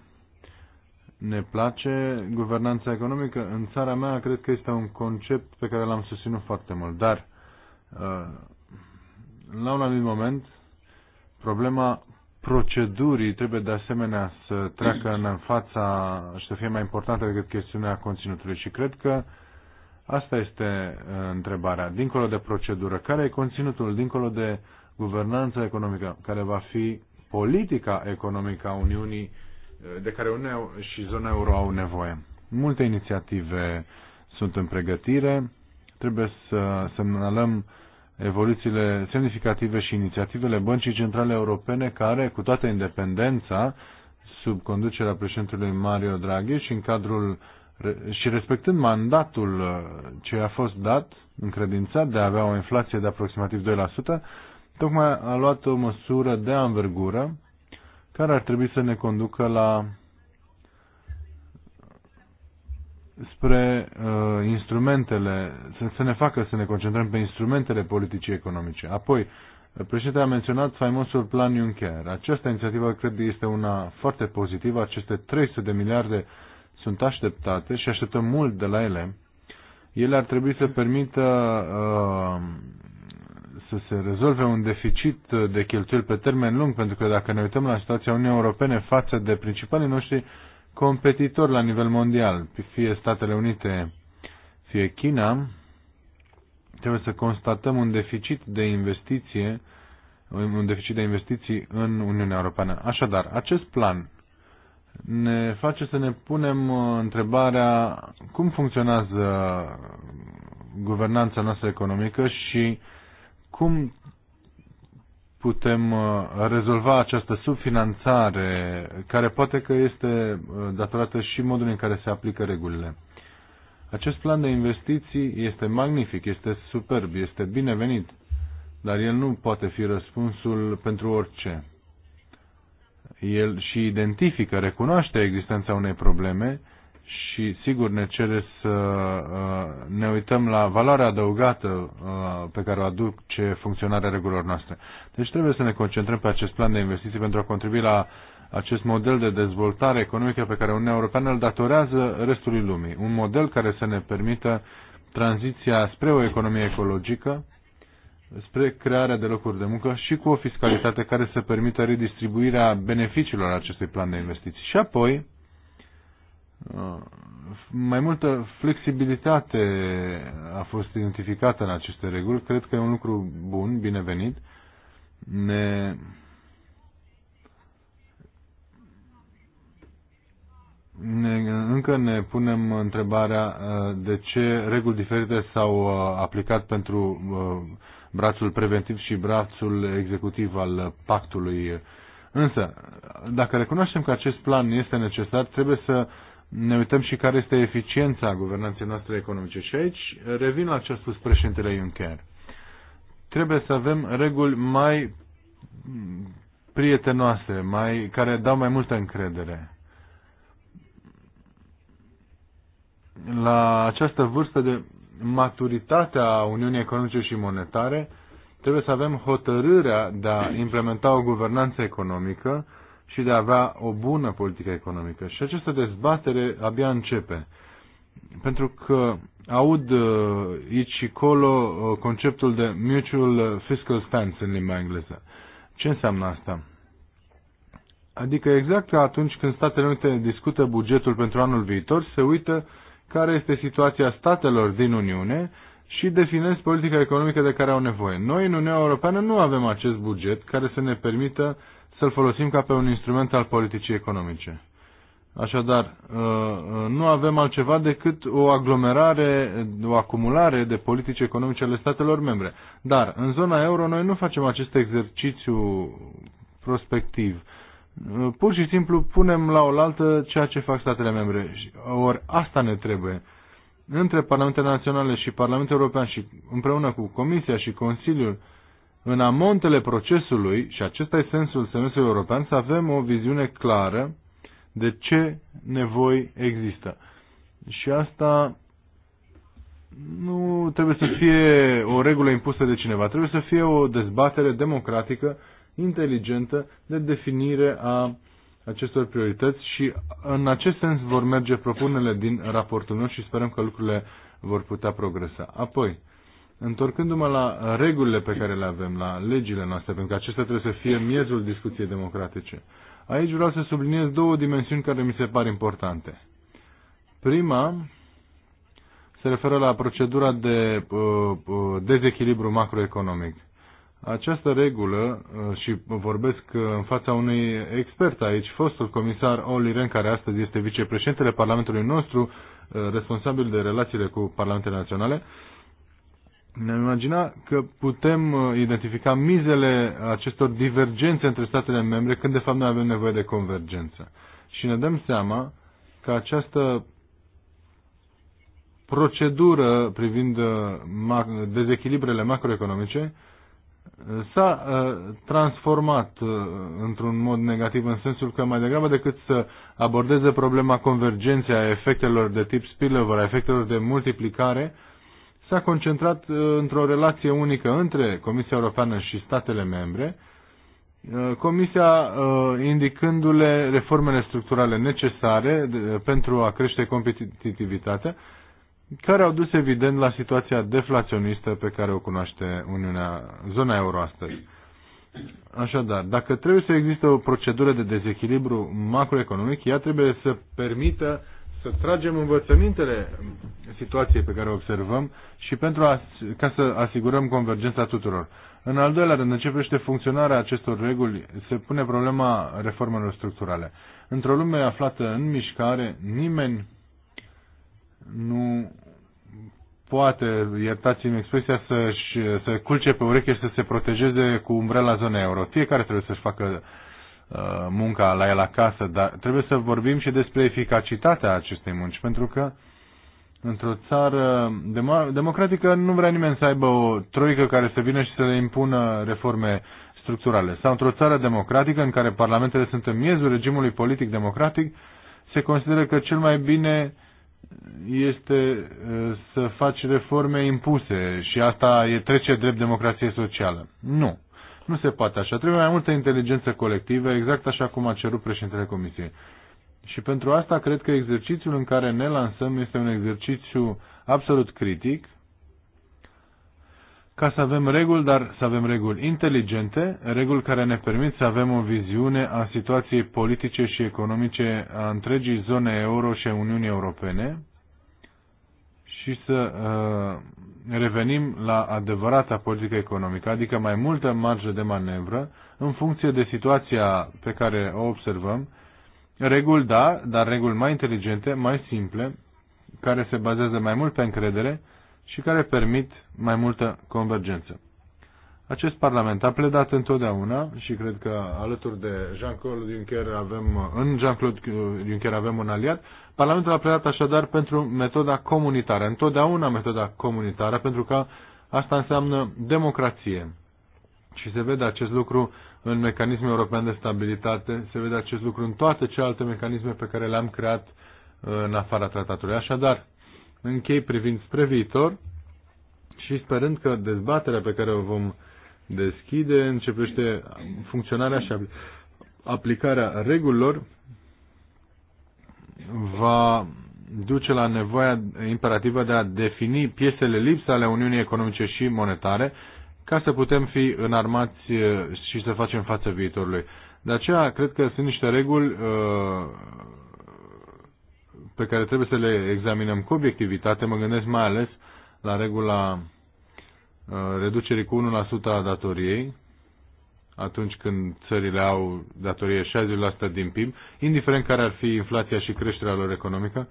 ne place guvernanța economică. În țara mea cred că este un concept pe care l-am susținut foarte mult, dar uh, la un anumit moment problema procedurii trebuie de asemenea să treacă în fața și să fie mai importantă decât chestiunea conținutului și cred că asta este uh, întrebarea. Dincolo de procedură, care e conținutul? Dincolo de guvernanță economică, care va fi politica economică a Uniunii, eh, de care Uniunea și zona euro au nevoie. Multe inițiative sunt în pregătire. Trebuie să semnalăm evoluțiile semnificative și inițiativele Băncii Centrale Europene, care, cu toată independența, sub conducerea președintelui Mario Draghi și în cadrul și respectând mandatul eh, ce a fost dat, încredințat de a avea o inflație de aproximativ 2%, tocmai a luat o măsură de anvergură care ar trebui să ne conducă la spre uh, instrumentele, să, să ne facă să ne concentrăm pe instrumentele politicii economice. Apoi, președintele a menționat faimosul plan Juncker. Această inițiativă, cred, este una foarte pozitivă. Aceste 300 de miliarde sunt așteptate și așteptăm mult de la ele. Ele ar trebui să permită uh, să se rezolve un deficit uh, de cheltuieli pe termen lung, pentru că dacă ne uităm la situația Uniunii Europene față de principalii noștri competitori la nivel mondial, fie Statele Unite, fie China, trebuie să constatăm un deficit de investiție, un deficit de investiții în Uniunea Europeană. Așadar, acest plan ne face să ne punem uh, întrebarea cum funcționează guvernanța noastră economică și cum putem uh, rezolva această subfinanțare, care poate că este uh, datorată și modului în care se aplică regulile. Acest plan de investiții este magnific, este superb, este binevenit, dar el nu poate fi răspunsul pentru orice. El și identifică, recunoaște existența unei probleme și sigur ne cere să uh, ne uităm la valoarea adăugată uh, pe care o aduce funcționarea regulilor noastre. Deci trebuie să ne concentrăm pe acest plan de investiții pentru a contribui la acest model de dezvoltare economică pe care Uniunea Europeană îl datorează restului lumii. Un model care să ne permită tranziția spre o economie ecologică, spre crearea de locuri de muncă și cu o fiscalitate care să permită redistribuirea beneficiilor acestui plan de investiții. Și apoi, mai multă flexibilitate a fost identificată în aceste reguli. Cred că e un lucru bun, binevenit. Ne ne, încă ne punem întrebarea uh, de ce reguli diferite s-au uh, aplicat pentru uh, brațul preventiv și brațul executiv al pactului. Însă, dacă recunoaștem că acest plan este necesar, trebuie să ne uităm și care este eficiența guvernanței noastre economice. Și aici revin la ce a spus președintele Juncker. Trebuie să avem reguli mai prietenoase, mai, care dau mai multă încredere. La această vârstă de maturitate a Uniunii Economice și Monetare, trebuie să avem hotărârea de a implementa o guvernanță economică și de a avea o bună politică economică. Și această dezbatere abia începe. Pentru că aud uh, aici și colo uh, conceptul de mutual fiscal stance în limba engleză. Ce înseamnă asta? Adică exact ca atunci când Statele Unite discută bugetul pentru anul viitor, se uită care este situația statelor din Uniune și definez politica economică de care au nevoie. Noi în Uniunea Europeană nu avem acest buget care să ne permită uh, să-l folosim ca pe un instrument al politicii economice. Așadar, uh, uh, nu avem altceva decât o aglomerare, o acumulare de politici economice ale statelor membre. Dar, în zona euro, noi nu facem acest exercițiu prospectiv. Uh, pur și simplu punem la oaltă ceea ce fac statele membre. Ori asta ne trebuie. Între Parlamentele Naționale și Parlamentul European și împreună cu Comisia și Consiliul, uh, în amontele procesului, și acesta e sensul semestrului european, să avem o viziune clară de ce nevoi există. Și asta nu trebuie să fie o regulă impusă de cineva, trebuie să fie o dezbatere democratică, inteligentă, de definire a acestor priorități și în acest sens vor merge propunerile din raportul meu și sperăm că lucrurile vor putea progresa. Apoi, Întorcându-mă la regulile pe care le avem, la legile noastre, pentru că acestea trebuie să fie miezul discuției democratice, aici vreau să subliniez două dimensiuni care mi se par importante. Prima se referă la procedura de uh, uh dezechilibru macroeconomic. Această regulă, uh, și vorbesc uh, în fața unui expert aici, fostul comisar Olli Ren, care astăzi este vicepreședintele Parlamentului nostru, uh, responsabil de relațiile cu Parlamentele Naționale, uh, ne-am imaginat că putem uh, identifica mizele acestor divergențe între statele membre când de fapt noi avem nevoie de convergență. Și ne dăm seama că această procedură privind uh, dezechilibrele macroeconomice uh, s-a transformat într-un mod negativ în sensul că mai degrabă decât să abordeze problema convergenței a efectelor de tip spillover, a efectelor de multiplicare, s-a concentrat uh, într-o relație unică între Comisia Europeană și statele membre, uh, Comisia uh, indicându-le reformele structurale necesare pentru a crește competitivitatea, care au dus evident la situația deflaționistă pe care o cunoaște Uniunea, zona euro astăzi. Așadar, dacă trebuie să existe o procedură de dezechilibru macroeconomic, ea trebuie să permită uh, să tragem învățămintele situației pe care o observăm și pentru a, ca să asigurăm convergența tuturor. În al doilea rând, începește funcționarea acestor reguli, se pune problema reformelor structurale. Într-o lume aflată în mișcare, nimeni nu poate, iertați-mi expresia, să, să culce pe ureche și să se protejeze cu umbrela zonei euro. Fiecare trebuie să-și facă Uh, munca la el acasă, dar trebuie să vorbim și despre eficacitatea acestei munci, pentru că într-o țară democratică nu vrea nimeni să aibă o troică care să vină și să le impună reforme structurale. Sau într-o țară democratică în care parlamentele sunt în miezul regimului politic democratic, se consideră că cel mai bine este uh, să faci reforme impuse și asta e trece drept democrație socială. Nu. Nu se poate așa. Trebuie mai multă inteligență colectivă, exact așa cum a cerut președintele Comisiei. Și pentru asta cred că exercițiul în care ne lansăm este un exercițiu absolut critic, ca să avem reguli, dar să avem reguli inteligente, reguli care ne permit să avem o viziune a situației politice și economice a întregii zone euro și a Uniunii Europene și să uh, revenim la adevărata politică economică, adică mai multă marjă de manevră în funcție de situația pe care o observăm. Reguli, da, dar reguli mai inteligente, mai simple, care se bazează mai mult pe încredere și care permit mai multă convergență. Acest Parlament a pledat întotdeauna și cred că alături de Jean-Claude Juncker avem, în Jean-Claude Juncker avem un aliat, Parlamentul a pledat așadar pentru metoda comunitară, întotdeauna metoda comunitară, pentru că asta înseamnă democrație. Și se vede acest lucru în mecanismul european de stabilitate, se vede acest lucru în toate celelalte mecanisme pe care le-am creat în afara tratatului. Așadar, închei privind spre viitor și sperând că dezbaterea pe care o vom deschide, începește funcționarea și aplicarea regulilor va duce la nevoia imperativă de a defini piesele lipse ale Uniunii Economice și Monetare ca să putem fi înarmați eh, și să facem față viitorului. De aceea, cred că sunt niște reguli eh, pe care trebuie să le examinăm cu obiectivitate. Mă gândesc mai ales la regula reducerii cu 1% a datoriei, atunci când țările au datorie 60% din PIB, indiferent care ar fi inflația și creșterea lor economică,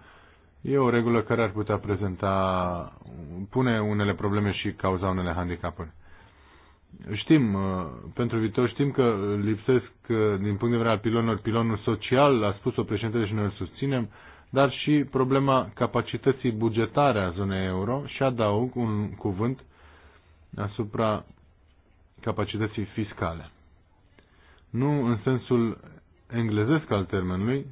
e o regulă care ar putea prezenta, pune unele probleme și cauza unele handicapuri. Știm, uh, pentru viitor știm că lipsesc, uh, din punct de vedere al pilonului, pilonul social, a spus-o președintele și noi îl susținem, dar și problema capacității bugetare a zonei euro și adaug un cuvânt asupra capacității fiscale. Nu în sensul englezesc al termenului,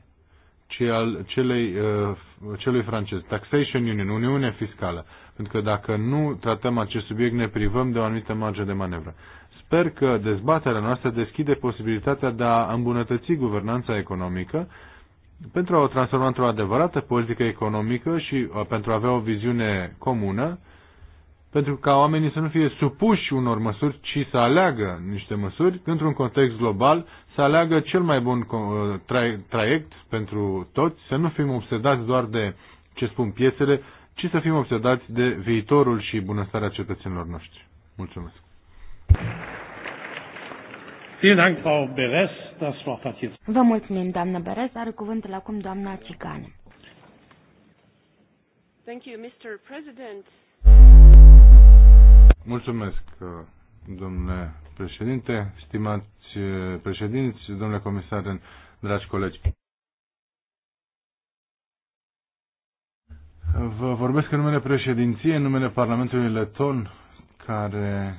ci al celei, uh, celui francez, Taxation Union, Uniune Fiscală. Pentru că dacă nu tratăm acest subiect, ne privăm de o anumită marge de manevră. Sper că dezbaterea noastră deschide posibilitatea de a îmbunătăți guvernanța economică pentru a o transforma într-o adevărată politică economică și pentru a avea o viziune comună pentru ca oamenii să nu fie supuși unor măsuri, ci să aleagă niște măsuri, într-un context global, să aleagă cel mai bun tra traiect pentru toți, să nu fim obsedați doar de ce spun piețele, ci să fim obsedați de viitorul și bunăstarea cetățenilor noștri. Mulțumesc! Vă mulțumim, doamnă Beres. Are cuvântul acum doamna Cicane. Thank you, Mr. President. Mulțumesc, domnule președinte, stimați eh, președinți, domnule comisar, dragi colegi. Vă vorbesc în numele președinției, în numele Parlamentului Leton, care,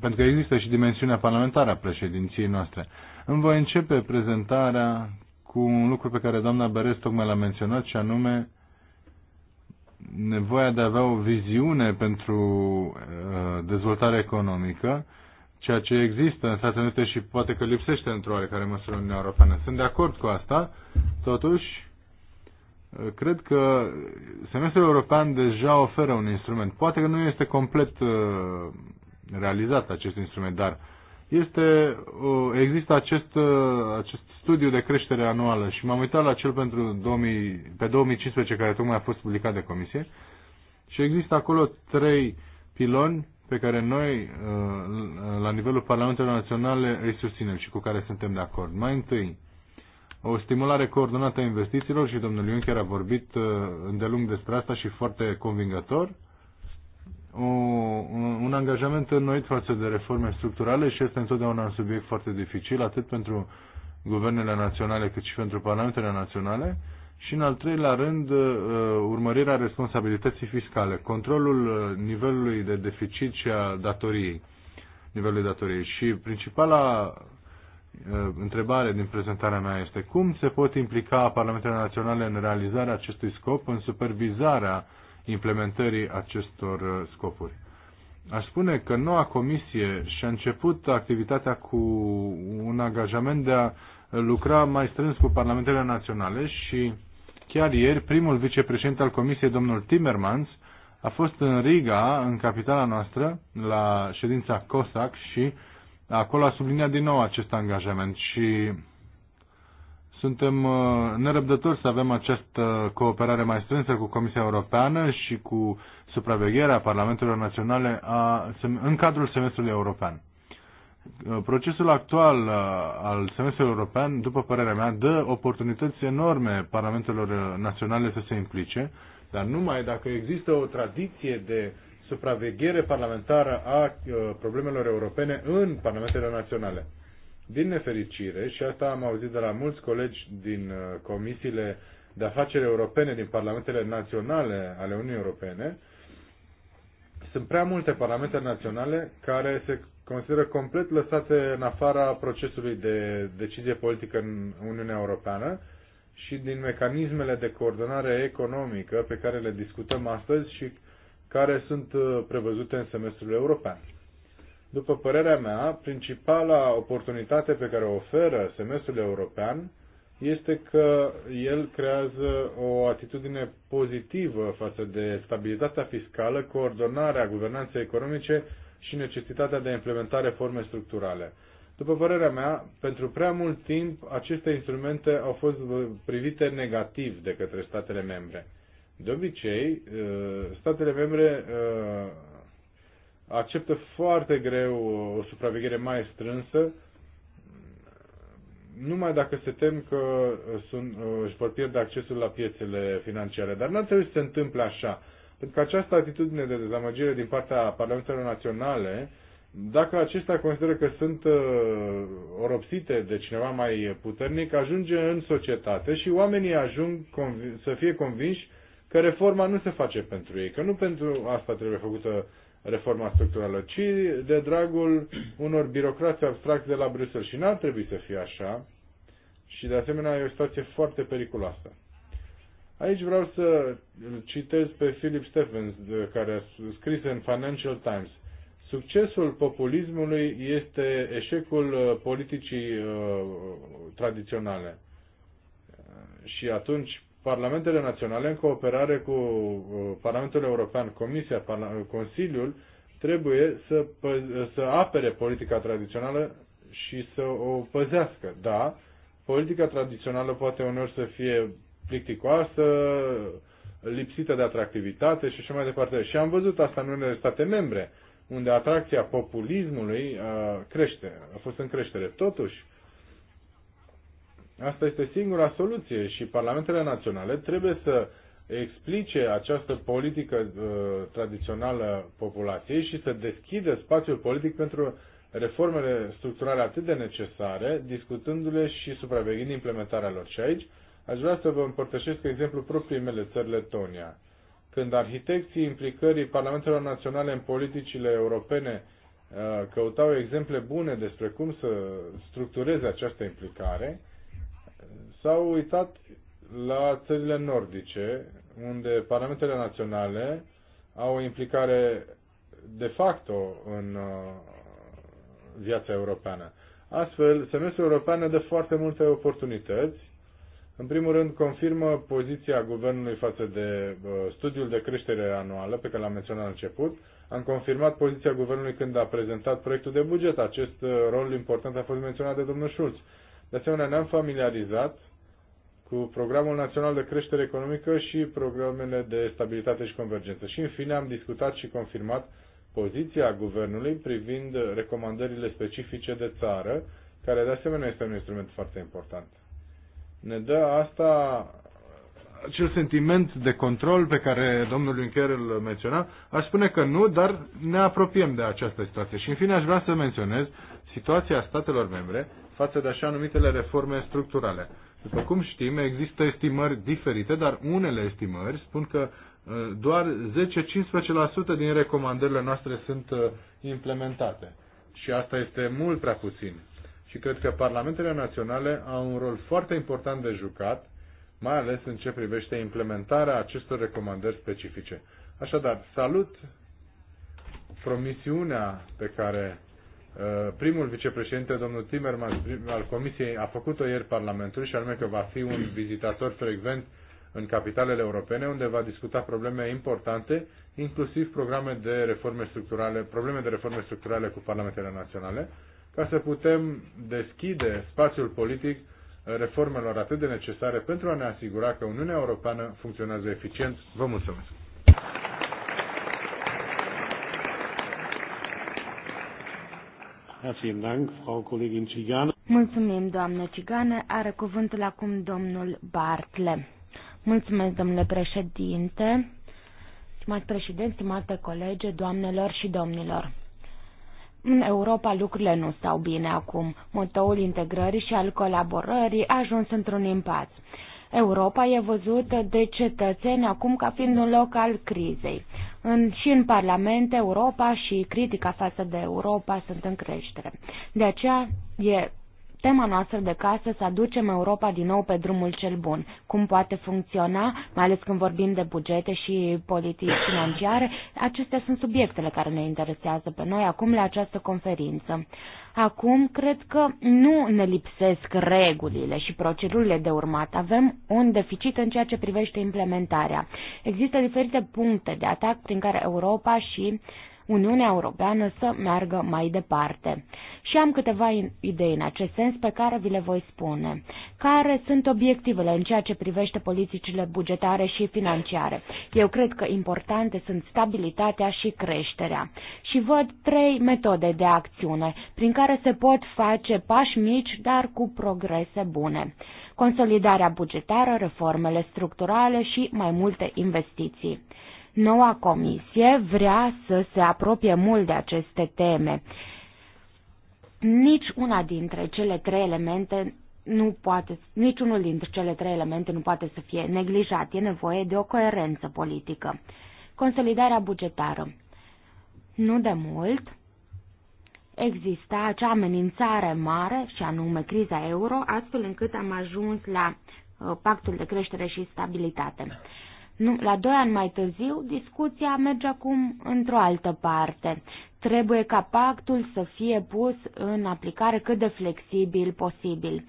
pentru că există și dimensiunea parlamentară a președinției noastre. Îmi voi începe prezentarea cu un lucru pe care doamna Beres tocmai l-a menționat, și anume nevoia de a avea o viziune pentru uh, dezvoltare economică, ceea ce există în Statele Unite și poate că lipsește într-o oarecare măsură în Uniunea Europeană. Sunt de acord cu asta, totuși uh, cred că semestrul european deja oferă un instrument. Poate că nu este complet uh, realizat acest instrument, dar este, există acest, uh, acest studiu de creștere anuală și m-am uitat la cel pentru 2000, pe 2015 care tocmai a fost publicat de comisie și există acolo trei piloni pe care noi, uh, la nivelul Parlamentelor Naționale, îi susținem și cu care suntem de acord. Mai întâi, o stimulare coordonată a investițiilor și domnul Ion a vorbit uh, îndelung despre asta și foarte convingător o, un angajament înnoit față de reforme structurale și este întotdeauna un subiect foarte dificil, atât pentru guvernele naționale cât și pentru parlamentele naționale. Și în al treilea rând, uh, urmărirea responsabilității fiscale, controlul uh, nivelului de deficit și a datoriei, nivelului datoriei. Și principala uh, întrebare din prezentarea mea este cum se pot implica parlamentele naționale în realizarea acestui scop, în supervizarea implementării acestor uh, scopuri. Aș spune că noua comisie și-a început activitatea cu un angajament de a lucra mai strâns cu parlamentele naționale și chiar ieri primul vicepreședinte al comisiei, domnul Timmermans, a fost în Riga, în capitala noastră, la ședința COSAC și acolo a subliniat din nou acest angajament și suntem uh, nerăbdători să avem această cooperare mai strânsă cu Comisia Europeană și cu supravegherea Parlamentelor Naționale a, în cadrul semestrului european. Uh, procesul actual uh, al semestrului european, după părerea mea, dă oportunități enorme Parlamentelor Naționale să se implice, dar numai dacă există o tradiție de supraveghere parlamentară a problemelor europene în Parlamentele Naționale. Din nefericire, și asta am auzit de la mulți colegi din uh, comisiile de afaceri europene, din parlamentele naționale ale Uniunii Europene, sunt prea multe parlamente naționale care se consideră complet lăsate în afara procesului de decizie politică în Uniunea Europeană și din mecanismele de coordonare economică pe care le discutăm astăzi și care sunt uh, prevăzute în semestrul european. După părerea mea, principala oportunitate pe care o oferă semestrul european este că el creează o atitudine pozitivă față de stabilitatea fiscală, coordonarea guvernanței economice și necesitatea de a implementa reforme structurale. După părerea mea, pentru prea mult timp, aceste instrumente au fost privite negativ de către statele membre. De obicei, ă, statele membre ă, acceptă foarte greu o supraveghere mai strânsă, numai dacă se tem că sunt, își vor pierde accesul la piețele financiare. Dar n-ar trebui să se întâmple așa, pentru că această atitudine de dezamăgire din partea Parlamentelor Naționale, dacă acestea consideră că sunt uh, oropsite de cineva mai puternic, ajunge în societate și oamenii ajung să fie convinși că reforma nu se face pentru ei, că nu pentru asta trebuie făcută reforma structurală, ci de dragul unor birocrați abstracți de la Bruxelles. Și n-ar trebui să fie așa și de asemenea e o situație foarte periculoasă. Aici vreau să citez pe Philip Stephens, care a scris în Financial Times. Succesul populismului este eșecul uh, politicii uh, tradiționale. Și atunci Parlamentele naționale, în cooperare cu uh, Parlamentul European, Comisia, uh, Consiliul, trebuie să, să apere politica tradițională și să o păzească. Da, politica tradițională poate uneori să fie plicticoasă, lipsită de atractivitate și așa mai departe. Și am văzut asta în unele state membre, unde atracția populismului uh, crește, a fost în creștere. Totuși, Asta este singura soluție și parlamentele naționale trebuie să explice această politică uh, tradițională populației și să deschidă spațiul politic pentru reformele structurale atât de necesare, discutându-le și supraveghind implementarea lor. Și aici aș vrea să vă împărtășesc exemplu proprii mele țări Letonia. Când arhitecții implicării Parlamentelor Naționale în politicile europene uh, căutau exemple bune despre cum să structureze această implicare, s-au uitat la țările nordice, unde parlamentele naționale au o implicare de facto în uh, viața europeană. Astfel, semestrul european dă foarte multe oportunități. În primul rând, confirmă poziția guvernului față de uh, studiul de creștere anuală pe care l-am menționat la început. Am confirmat poziția guvernului când a prezentat proiectul de buget. Acest uh, rol important a fost menționat de domnul Schulz. De asemenea, ne-am familiarizat cu Programul Național de Creștere Economică și programele de stabilitate și convergență. Și, în fine, am discutat și confirmat poziția guvernului privind recomandările specifice de țară, care, de asemenea, este un instrument foarte important. Ne dă asta acel sentiment de control pe care domnul Juncker îl menționa, aș spune că nu, dar ne apropiem de această situație. Și în fine aș vrea să menționez situația statelor membre față de așa numitele reforme structurale. După cum știm, există estimări diferite, dar unele estimări spun că uh, doar 10-15% din recomandările noastre sunt uh, implementate. Și asta este mult prea puțin. Și cred că parlamentele naționale au un rol foarte important de jucat, mai ales în ce privește implementarea acestor recomandări specifice. Așadar, salut promisiunea pe care Uh, primul vicepreședinte, domnul Timmermans, al Comisiei, a făcut-o ieri Parlamentului și anume că va fi un vizitator frecvent în capitalele europene, unde va discuta probleme importante, inclusiv programe de reforme structurale, probleme de reforme structurale cu parlamentele naționale, ca să putem deschide spațiul politic uh, reformelor atât de necesare pentru a ne asigura că Uniunea Europeană funcționează eficient. Vă mulțumesc! Mulțumim, doamnă Cigană. Are cuvântul acum domnul Bartle. Mulțumesc, domnule președinte. Stimați președinți, stimate colege, doamnelor și domnilor. În Europa lucrurile nu stau bine acum. Motoul integrării și al colaborării a ajuns într-un impas. Europa e văzută de cetățeni acum ca fiind un loc al crizei. În, și în Parlament Europa și critica față de Europa sunt în creștere. De aceea e Tema noastră de casă să aducem Europa din nou pe drumul cel bun. Cum poate funcționa, mai ales când vorbim de bugete și politici financiare, acestea sunt subiectele care ne interesează pe noi acum la această conferință. Acum cred că nu ne lipsesc regulile și procedurile de urmat. Avem un deficit în ceea ce privește implementarea. Există diferite puncte de atac prin care Europa și uh, Uniunea Europeană să meargă mai departe. Și am câteva idei în acest sens pe care vi le voi spune. Care sunt obiectivele în ceea ce privește politicile bugetare și financiare? Eu cred că importante sunt stabilitatea și creșterea. Și văd trei metode de acțiune prin care se pot face pași mici, dar cu progrese bune consolidarea bugetară, reformele structurale și mai multe investiții. Noua comisie vrea să se apropie mult de aceste teme. Nici una dintre cele trei elemente nu poate, niciunul dintre cele trei elemente nu poate să fie neglijat. E nevoie de o coerență politică. Consolidarea bugetară. Nu de mult exista acea amenințare mare, și anume criza euro, astfel încât am ajuns la uh, pactul de creștere și stabilitate. Nu, la doi ani mai târziu, discuția merge acum într-o altă parte. Trebuie ca pactul să fie pus în aplicare cât de flexibil posibil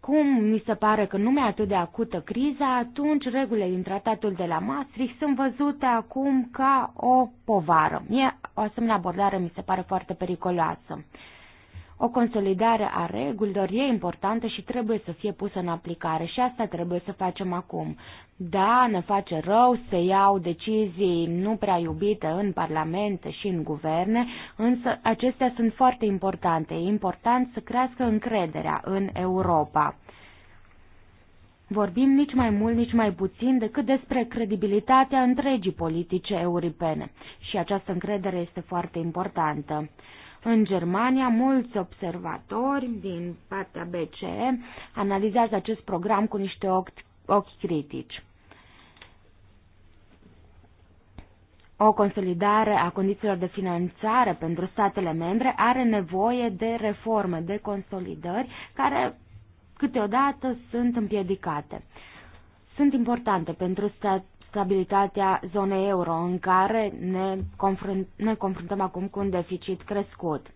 cum mi se pare că nu mi-e atât de acută criza, atunci regulile din tratatul de la Maastricht sunt văzute acum ca o povară. Mie o asemenea abordare mi se pare foarte periculoasă. O consolidare a regulilor e importantă și trebuie să fie pusă în aplicare și asta trebuie să facem acum. Da, ne face rău să iau decizii nu prea iubite în parlamente și în guverne, însă acestea sunt foarte importante. E important să crească încrederea în Europa. Vorbim nici mai mult, nici mai puțin decât despre credibilitatea întregii politice europene și această încredere este foarte importantă. În Germania, mulți observatori din partea BCE analizează acest program cu niște ochi, ochi critici. O consolidare a condițiilor de finanțare pentru statele membre are nevoie de reforme, de consolidări, care câteodată sunt împiedicate. Sunt importante pentru stat, stabilitatea zonei euro, în care ne, confrunt, ne confruntăm acum cu un deficit crescut.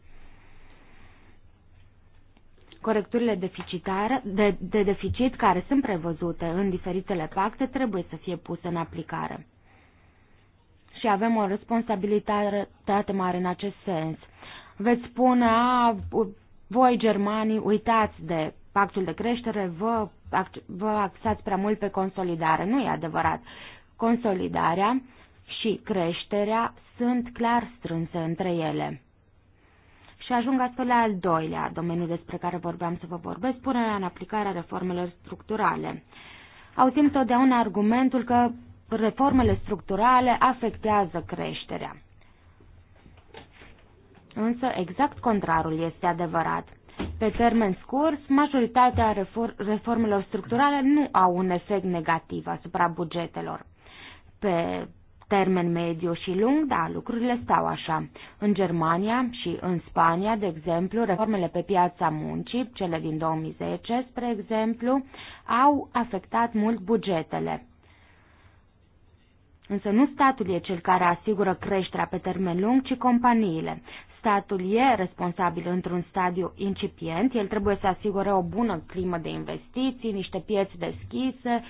Corecturile deficitare, de, de deficit care sunt prevăzute în diferitele pacte trebuie să fie puse în aplicare. Și avem o responsabilitate mare în acest sens. Veți spune, a, voi germanii uitați de pactul de creștere, vă, vă axați prea mult pe consolidare. Nu e adevărat. Consolidarea și creșterea sunt clar strânse între ele. Și ajung astfel la al doilea domeniu despre care vorbeam să vă vorbesc, punerea în aplicare a reformelor structurale. Auzim totdeauna argumentul că reformele structurale afectează creșterea. Însă exact contrarul este adevărat. Pe termen scurt, majoritatea reformelor structurale nu au un efect negativ asupra bugetelor pe termen mediu și lung, da, lucrurile stau așa. În Germania și în Spania, de exemplu, reformele pe piața muncii, cele din 2010, spre exemplu, au afectat mult bugetele. Însă nu statul e cel care asigură creșterea pe termen lung, ci companiile. Statul e responsabil într-un stadiu incipient, el trebuie să asigure o bună climă de investiții, niște pieți deschise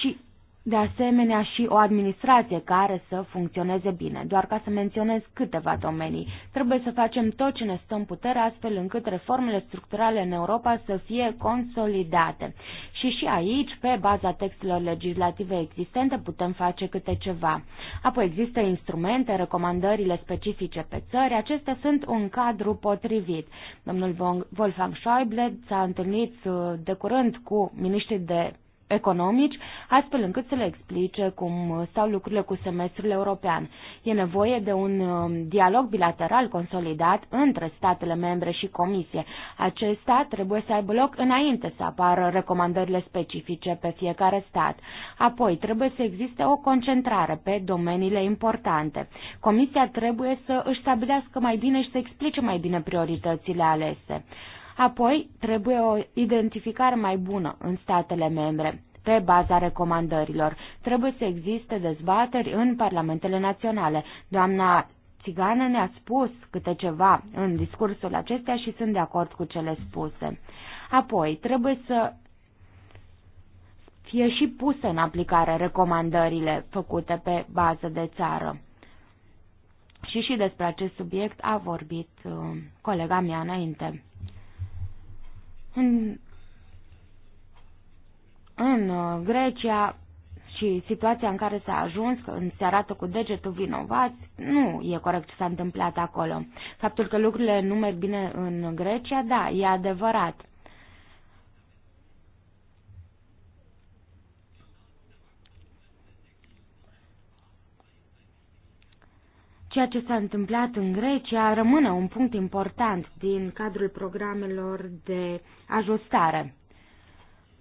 și de asemenea și o administrație care să funcționeze bine. Doar ca să menționez câteva domenii, trebuie să facem tot ce ne stă în putere astfel încât reformele structurale în Europa să fie consolidate. Și și aici, pe baza textelor legislative existente, putem face câte ceva. Apoi există instrumente, recomandările specifice pe țări, acestea sunt un cadru potrivit. Domnul Wolfgang Schäuble s-a întâlnit uh, de curând cu miniștrii de economici, astfel încât să le explice cum stau lucrurile cu semestrul european. E nevoie de un um, dialog bilateral consolidat între statele membre și Comisie. Acesta trebuie să aibă loc înainte să apară recomandările specifice pe fiecare stat. Apoi, trebuie să existe o concentrare pe domeniile importante. Comisia trebuie să își stabilească mai bine și să explice mai bine prioritățile alese. Apoi, trebuie o identificare mai bună în statele membre pe baza recomandărilor. Trebuie să existe dezbateri în parlamentele naționale. Doamna Țigană ne-a spus câte ceva în discursul acestea și sunt de acord cu cele spuse. Apoi, trebuie să fie și puse în aplicare recomandările făcute pe bază de țară. Și și despre acest subiect a vorbit uh, colega mea înainte. În, în uh, Grecia și situația în care s-a ajuns, că se arată cu degetul vinovat, nu e corect ce s-a întâmplat acolo. Faptul că lucrurile nu merg bine în Grecia, da, e adevărat. Ceea ce s-a întâmplat în Grecia rămâne un punct important din cadrul programelor de ajustare.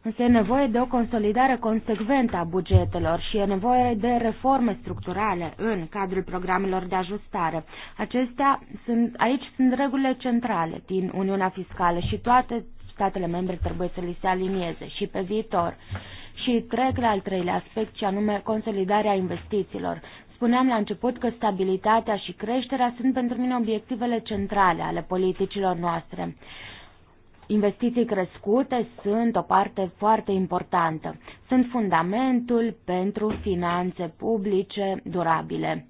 Însă e nevoie de o consolidare consecventă a bugetelor și e nevoie de reforme structurale în cadrul programelor de ajustare. Acestea sunt, aici sunt regulile centrale din Uniunea Fiscală și toate statele membre trebuie să li se alinieze și pe viitor. Și trec la al treilea aspect, și anume consolidarea investițiilor. Spuneam la început că stabilitatea și creșterea sunt pentru mine obiectivele centrale ale politicilor noastre. Investiții crescute sunt o parte foarte importantă. Sunt fundamentul pentru finanțe publice durabile.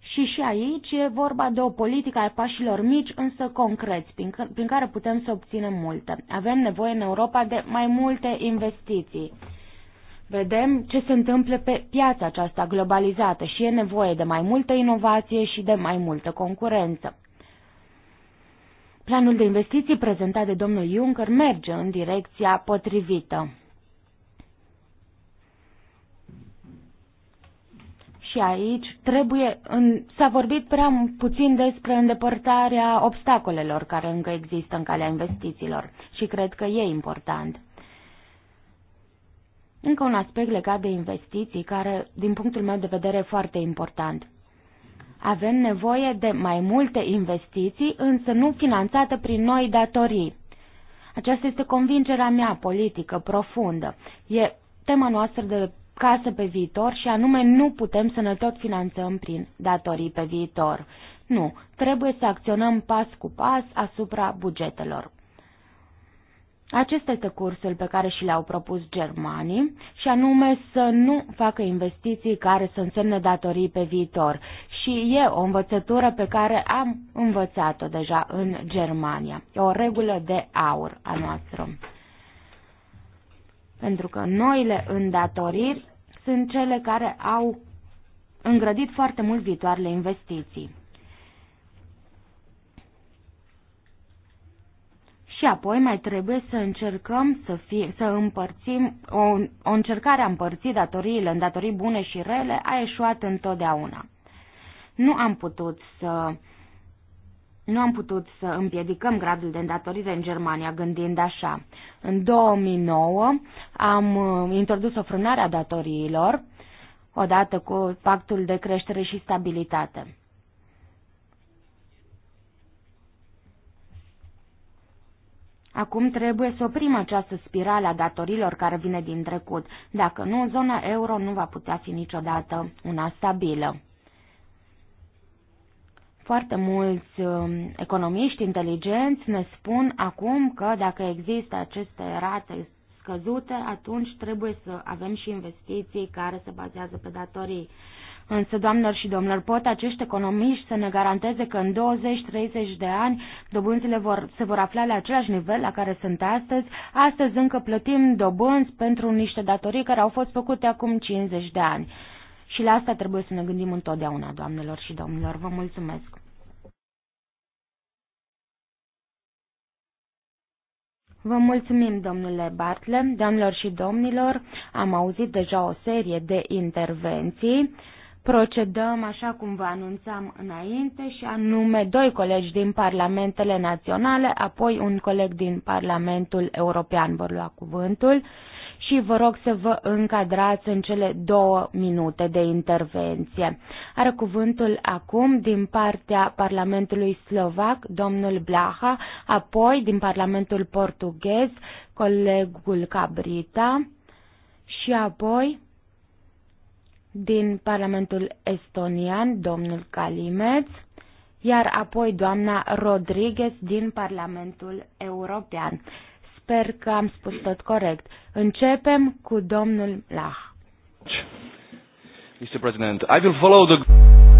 Și și aici e vorba de o politică a pașilor mici, însă concreți, prin care putem să obținem multe. Avem nevoie în Europa de mai multe investiții vedem ce se întâmplă pe piața aceasta globalizată și e nevoie de mai multă inovație și de mai multă concurență. Planul de investiții prezentat de domnul Juncker merge în direcția potrivită. Și aici trebuie, în, s-a vorbit prea puțin despre îndepărtarea obstacolelor care încă există în calea investițiilor și cred că e important. Încă un aspect legat de investiții, care, din punctul meu de vedere, e foarte important. Avem nevoie de mai multe investiții, însă nu finanțate prin noi datorii. Aceasta este convingerea mea politică profundă. E tema noastră de casă pe viitor și anume nu putem să ne tot finanțăm prin datorii pe viitor. Nu, trebuie să acționăm pas cu pas asupra bugetelor. Acesta este cursul pe care și l-au propus germanii și anume să nu facă investiții care să însemne datorii pe viitor. Și e o învățătură pe care am învățat-o deja în Germania. E o regulă de aur a noastră. Pentru că noile îndatoriri sunt cele care au îngrădit foarte mult viitoarele investiții. și apoi mai trebuie să încercăm să, fi, să împărțim, o, o încercare a împărți datoriile în datorii bune și rele a eșuat întotdeauna. Nu am putut să nu am putut să împiedicăm gradul de îndatorire în Germania gândind așa. În 2009 am uh, introdus o frânare a datoriilor odată cu pactul de creștere și stabilitate. Acum trebuie să oprim această spirală a datorilor care vine din trecut. Dacă nu, zona euro nu va putea fi niciodată una stabilă. Foarte mulți um, economiști inteligenți ne spun acum că dacă există aceste rate scăzute, atunci trebuie să avem și investiții care se bazează pe datorii. Însă, doamnelor și domnilor, pot acești economiști să ne garanteze că în 20-30 de ani dobânzile vor, se vor afla la același nivel la care sunt astăzi? Astăzi încă plătim dobânzi pentru niște datorii care au fost făcute acum 50 de ani. Și la asta trebuie să ne gândim întotdeauna, doamnelor și domnilor. Vă mulțumesc! Vă mulțumim, domnule Bartle, doamnelor și domnilor, am auzit deja o serie de intervenții. Procedăm așa cum vă anunțam înainte și anume doi colegi din parlamentele naționale, apoi un coleg din Parlamentul European vor lua cuvântul și vă rog să vă încadrați în cele două minute de intervenție. Are cuvântul acum din partea Parlamentului Slovac, domnul Blaha, apoi din Parlamentul Portughez, colegul Cabrita și apoi din Parlamentul Estonian, domnul Kalimets, iar apoi doamna Rodriguez din Parlamentul European. Sper că am spus tot corect. Începem cu domnul Lach. Mr. President, I will follow the...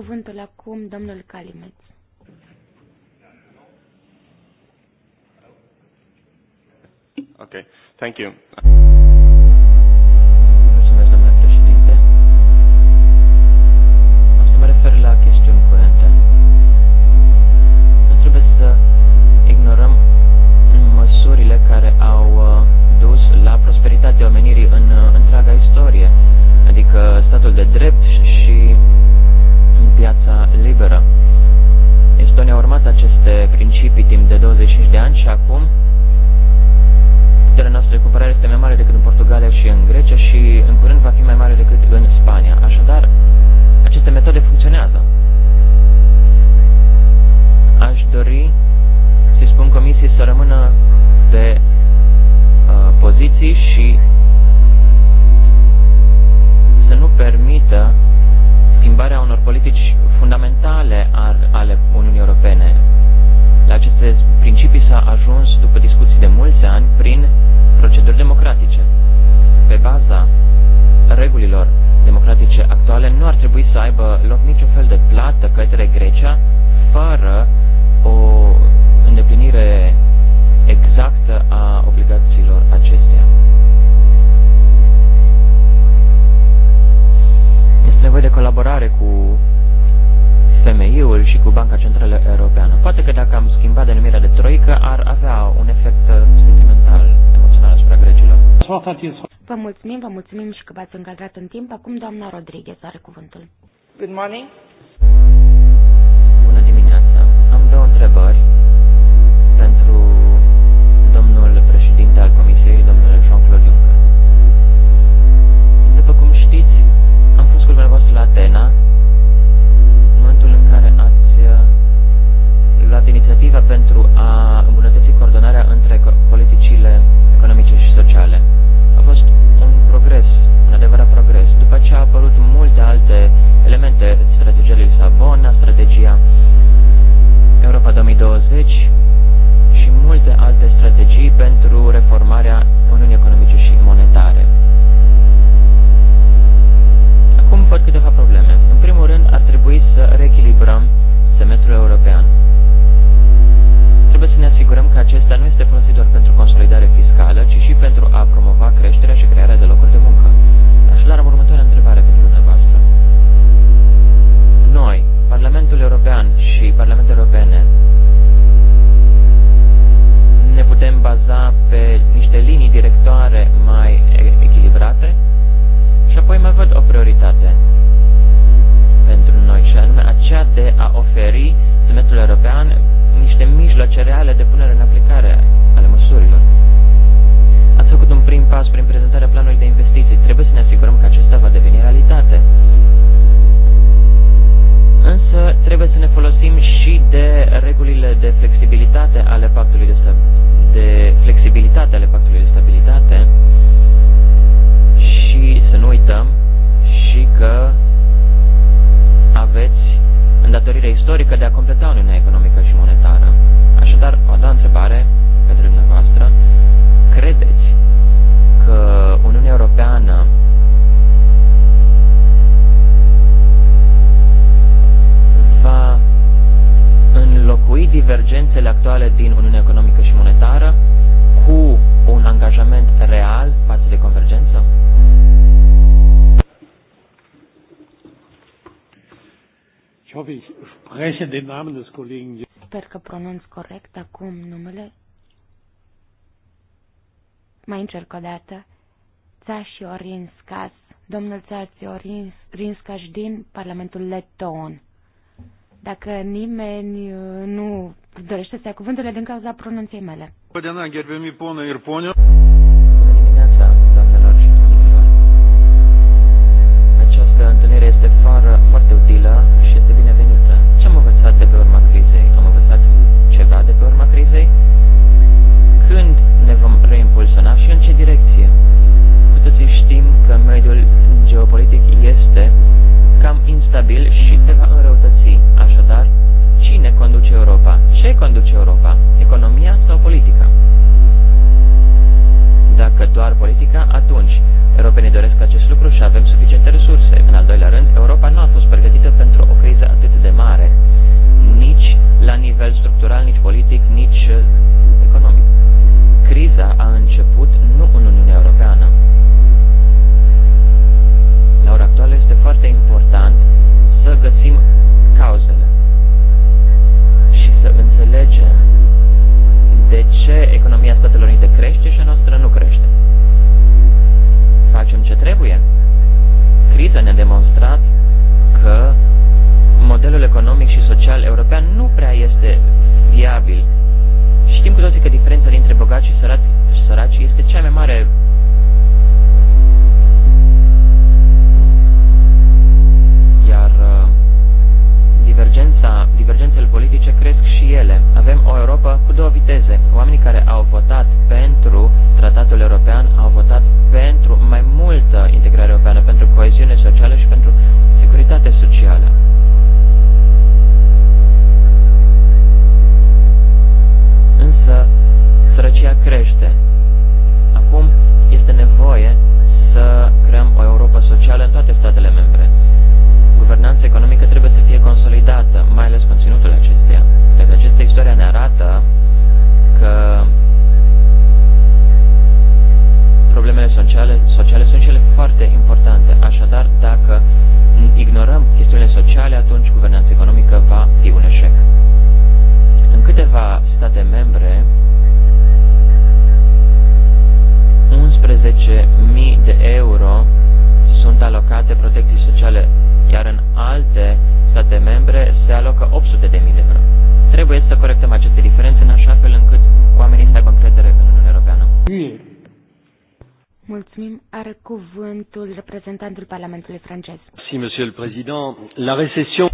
cuvântul acum domnul Calimeț. Okay, thank you. Mulțumesc, domnule președinte. Am să mă refer la chestiuni curente. Nu trebuie să ignorăm măsurile care au uh, dus la prosperitatea omenirii în uh, întreaga istorie, adică statul de drept și piața liberă. Estonia a urmat aceste principii timp de 25 de ani și acum puterea noastră de cumpărare este mai mare decât în Portugalia și în Grecia și în curând va fi mai mare decât în Spania. Așadar, aceste metode funcționează. Aș dori să spun comisiei să rămână pe uh, poziții și să nu permită schimbarea unor politici fundamentale ale Uniunii Europene. La aceste principii s-a ajuns după discuții de mulți ani prin proceduri democratice. Pe baza regulilor democratice actuale nu ar trebui să aibă loc niciun fel de plată către Grecia fără Vă mulțumim, vă mulțumim și că v-ați încadrat în timp. Acum doamna Rodriguez are cuvântul. Good morning. Bună dimineața. Am două întrebări pentru domnul președinte al Comisiei, domnul Jean-Claude Juncker. După cum știți, am fost cu dumneavoastră la Atena luat inițiativa pentru a îmbunătăți coordonarea între politicile economice și sociale. A fost un progres, un adevărat progres. După ce au apărut multe alte elemente, strategia Lisabona, strategia Europa 2020 și multe alte strategii pentru reformarea Uniunii Economice și Monetare. Acum pot câteva probleme. În primul rând, ar trebui să reechilibrăm semestrul european. Trebuie să ne asigurăm că acesta nu este folosit doar pentru consolidare fiscală, ci și pentru a promova creșterea și crearea de locuri de muncă. Așadar, am următoarea întrebare pentru dumneavoastră. Noi, Parlamentul European și Parlamentele Europene, ne putem baza pe niște linii directoare mai echilibrate și apoi mai văd o prioritate pentru noi, și anume aceea de a oferi semestrul european niște mijloace reale de punere în aplicare ale măsurilor. Ați făcut un prim pas prin prezentarea planului de investiții. Trebuie să ne asigurăm că acesta va deveni realitate. Însă trebuie să ne folosim și de regulile de flexibilitate ale pactului de, de flexibilitate ale pactului de stabilitate și să nu uităm și că aveți îndatorirea istorică de a completa Uniunea Economică și Monetară. Așadar, o a doua întrebare pentru dumneavoastră, credeți că Uniunea Europeană va înlocui divergențele actuale din Uniunea Economică și Monetară cu un angajament real față de convergență? Ich hoffe, ich spreche den Namen des Kollegen. Sper că pronunț corect acum numele. Mai încerc o dată. Țași Orinskas, domnul Țași Orinskas din Parlamentul Leton. Dacă nimeni uh, nu dorește să ia cuvântele din cauza pronunției mele. Bună dimineața, Bună dimineața, doamnelor și domnilor. Această întâlnire este fără, foarte utilă direcție. Cu toții știm că mediul geopolitic este cam instabil și se va înrăutăți. Așadar, cine conduce Europa? Ce conduce Europa? Economia sau politica? Dacă doar politica, atunci europenii doresc acest lucru și avem suficiente resurse. În al doilea rând, Europa nu a fost pregătită pentru o criză atât de mare cuvântul reprezentantul Parlamentului francez. Si, monsieur le président, la récession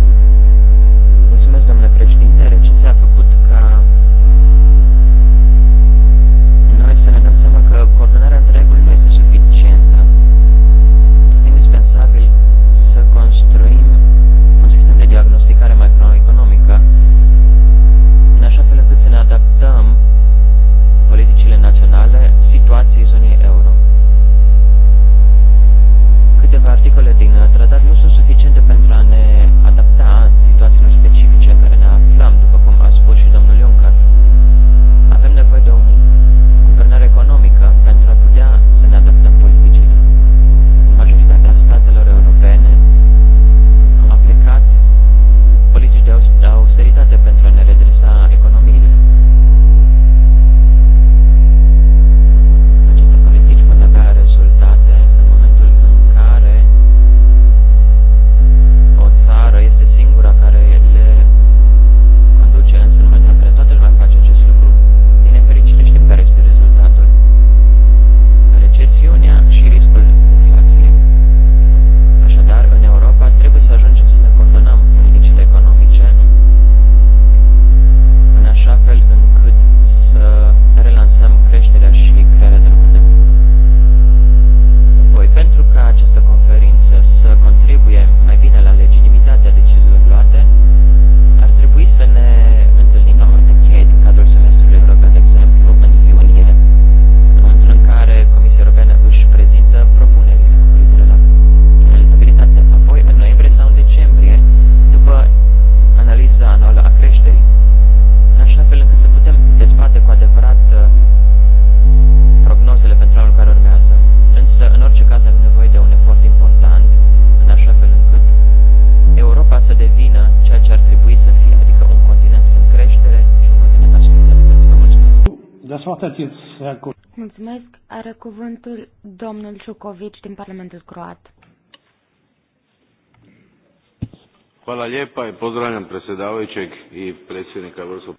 Mulțumesc. Are cuvântul domnul Ciucovici din Parlamentul Croat. Hvala lijepa i pozdravljam predsjedavajućeg i predsjednika Vrsu.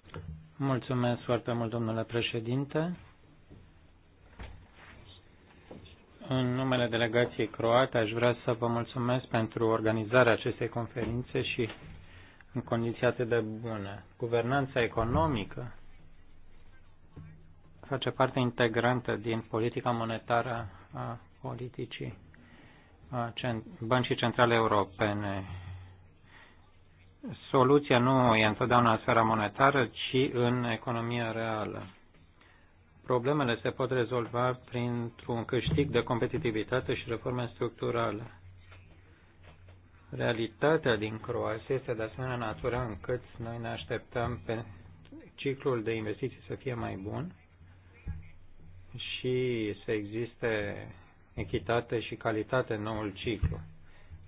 Mulțumesc foarte mult, domnule președinte. În numele delegației croate aș vrea să vă mulțumesc pentru organizarea acestei conferințe și în condiții atât de bune. Guvernanța economică face parte integrantă din politica monetară a politicii a Băncii Centrale Europene. Soluția nu e întotdeauna în sfera monetară, ci în economia reală. Problemele se pot rezolva printr-un câștig de competitivitate și reforme structurale. Realitatea din Croația este de asemenea natură încât noi ne așteptăm pe ciclul de investiții să fie mai bun și să existe echitate și calitate în noul ciclu.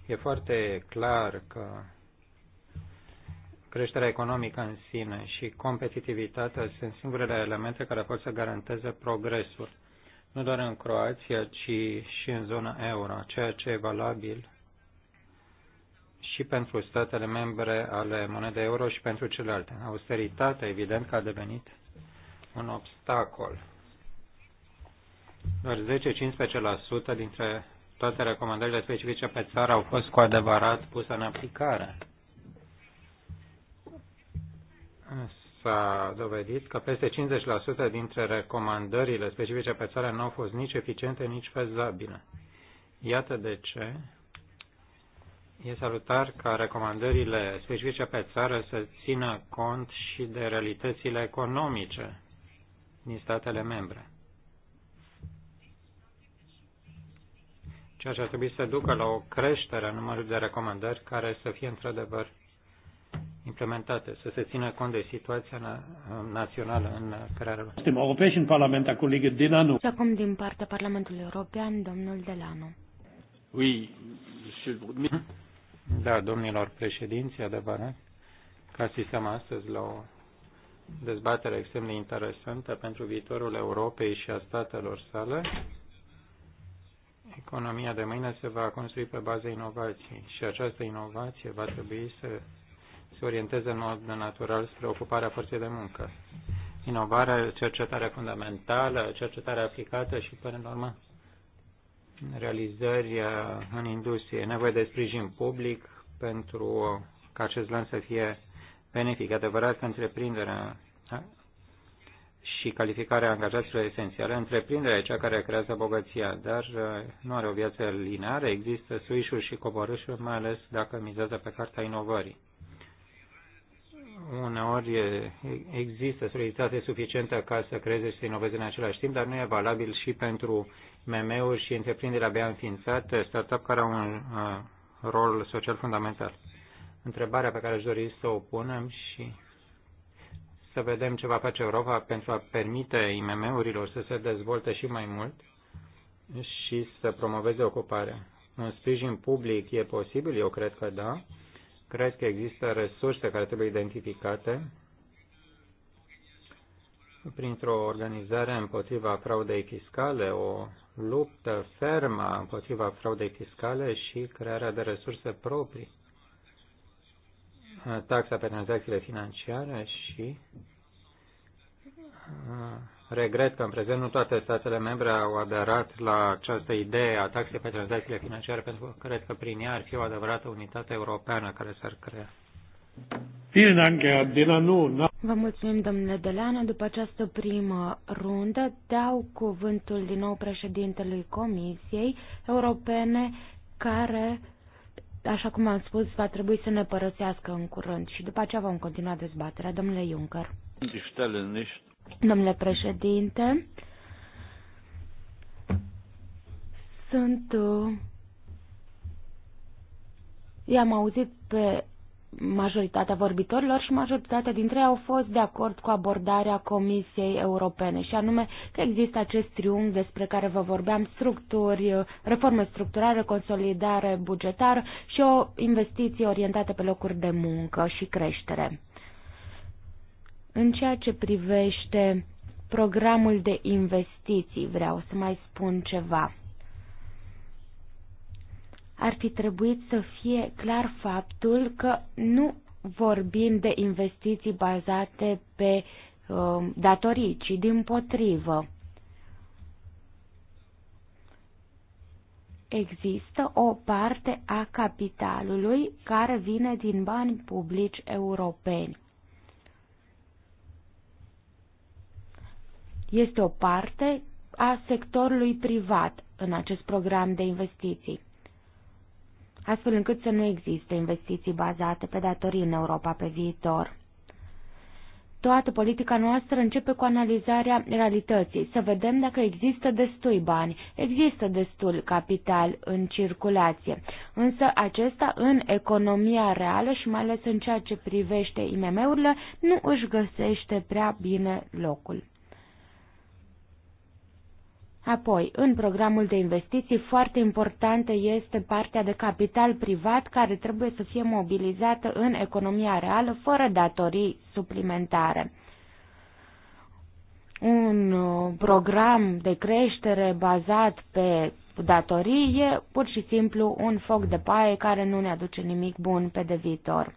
E foarte clar că creșterea economică în sine și competitivitatea sunt singurele elemente care pot să garanteze progresul, nu doar în Croația, ci și în zona euro, ceea ce e valabil și pentru statele membre ale monedei euro și pentru celelalte. Austeritatea, evident, că a devenit un obstacol doar 10-15% dintre toate recomandările specifice pe țară au fost cu adevărat puse în aplicare. S-a dovedit că peste 50% dintre recomandările specifice pe țară nu au fost nici eficiente, nici fezabile. Iată de ce e salutar ca recomandările specifice pe țară să țină cont și de realitățile economice din statele membre. ceea ce ar trebui să ducă la o creștere a numărului de recomandări care să fie într-adevăr implementate, să se țină cont de situația națională în care Suntem Parlament, colegă Delano. Și acum din partea Parlamentului European, domnul Delano. Oui, Da, domnilor președinți, adevărat, că sistem astăzi la o dezbatere extrem de interesantă pentru viitorul Europei și a statelor sale Economia de mâine se va construi pe baza inovației și această inovație va trebui să se orienteze în mod natural spre ocuparea forței de muncă. Inovarea, cercetarea fundamentală, cercetarea aplicată și, până la urmă, realizări uh, în industrie. nevoie de sprijin public pentru ca acest lan să fie benefic. Adevărat că întreprinderea și calificarea angajaților esențială. Întreprinderea e cea care creează bogăția, dar uh, nu are o viață lineară, există suișuri și coborâșuri, mai ales dacă mizează pe cartea inovării. Uneori există solicitate suficientă ca să creeze și să inoveze în același timp, dar nu e valabil și pentru MM-uri și întreprinderea abia înființată, startup care au un uh, rol social fundamental. Întrebarea pe care aș dori să o punem și să vedem ce va face Europa pentru a permite IMM-urilor să se dezvolte și mai mult și să promoveze ocuparea. Un sprijin public e posibil? Eu cred că da. Cred că există resurse care trebuie identificate printr-o organizare împotriva fraudei fiscale, o luptă fermă împotriva fraudei fiscale și crearea de resurse proprii Uh, taxa pe tranzacțiile financiare și uh, regret că în prezent nu toate statele membre au aderat la această idee a taxei pe tranzacțiile financiare, pentru că cred că prin ea ar fi o adevărată unitate europeană care s-ar crea. Vă mulțumim, domnule Deleană. După această primă rundă, dau cuvântul din nou președintelui Comisiei Europene, care așa cum am spus, va trebui să ne părăsească în curând și după aceea vom continua dezbaterea. Domnule Juncker. Domnule președinte, sunt... Uh, i-am auzit pe majoritatea vorbitorilor și majoritatea dintre ei au fost de acord cu abordarea Comisiei Europene și anume că există acest triunghi despre care vă vorbeam, structuri, reforme structurale, consolidare bugetară și o investiție orientată pe locuri de muncă și creștere. În ceea ce privește programul de investiții, vreau să mai spun ceva ar fi trebuit să fie clar faptul că nu vorbim de investiții bazate pe uh, datorii, ci din potrivă. Există o parte a capitalului care vine din bani publici europeni. Este o parte a sectorului privat în acest program de investiții astfel încât să nu existe investiții bazate pe datorii în Europa pe viitor. Toată politica noastră începe cu analizarea realității, să vedem dacă există destui bani, există destul capital în circulație, însă acesta în economia reală și mai ales în ceea ce privește IMM-urile nu își găsește prea bine locul. Apoi, în programul de investiții, foarte importantă este partea de capital privat care trebuie să fie mobilizată în economia reală fără datorii suplimentare. Un uh, program de creștere bazat pe datorii e pur și simplu un foc de paie care nu ne aduce nimic bun pe de viitor.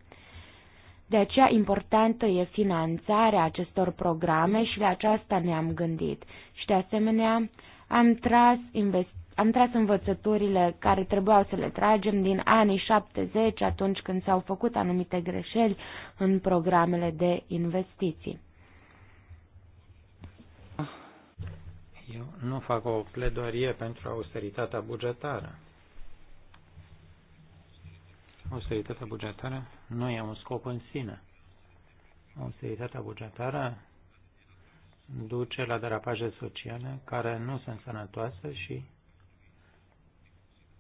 De aceea importantă e finanțarea acestor programe și la aceasta ne-am gândit. Și de asemenea, am tras, invest- am tras învățăturile care trebuiau să le tragem din anii 70, atunci când s-au făcut anumite greșeli în programele de investiții. Eu nu fac o pledoarie pentru austeritatea bugetară. Austeritatea bugetară nu e un scop în sine. Austeritatea bugetară duce la derapaje sociale care nu sunt sănătoase și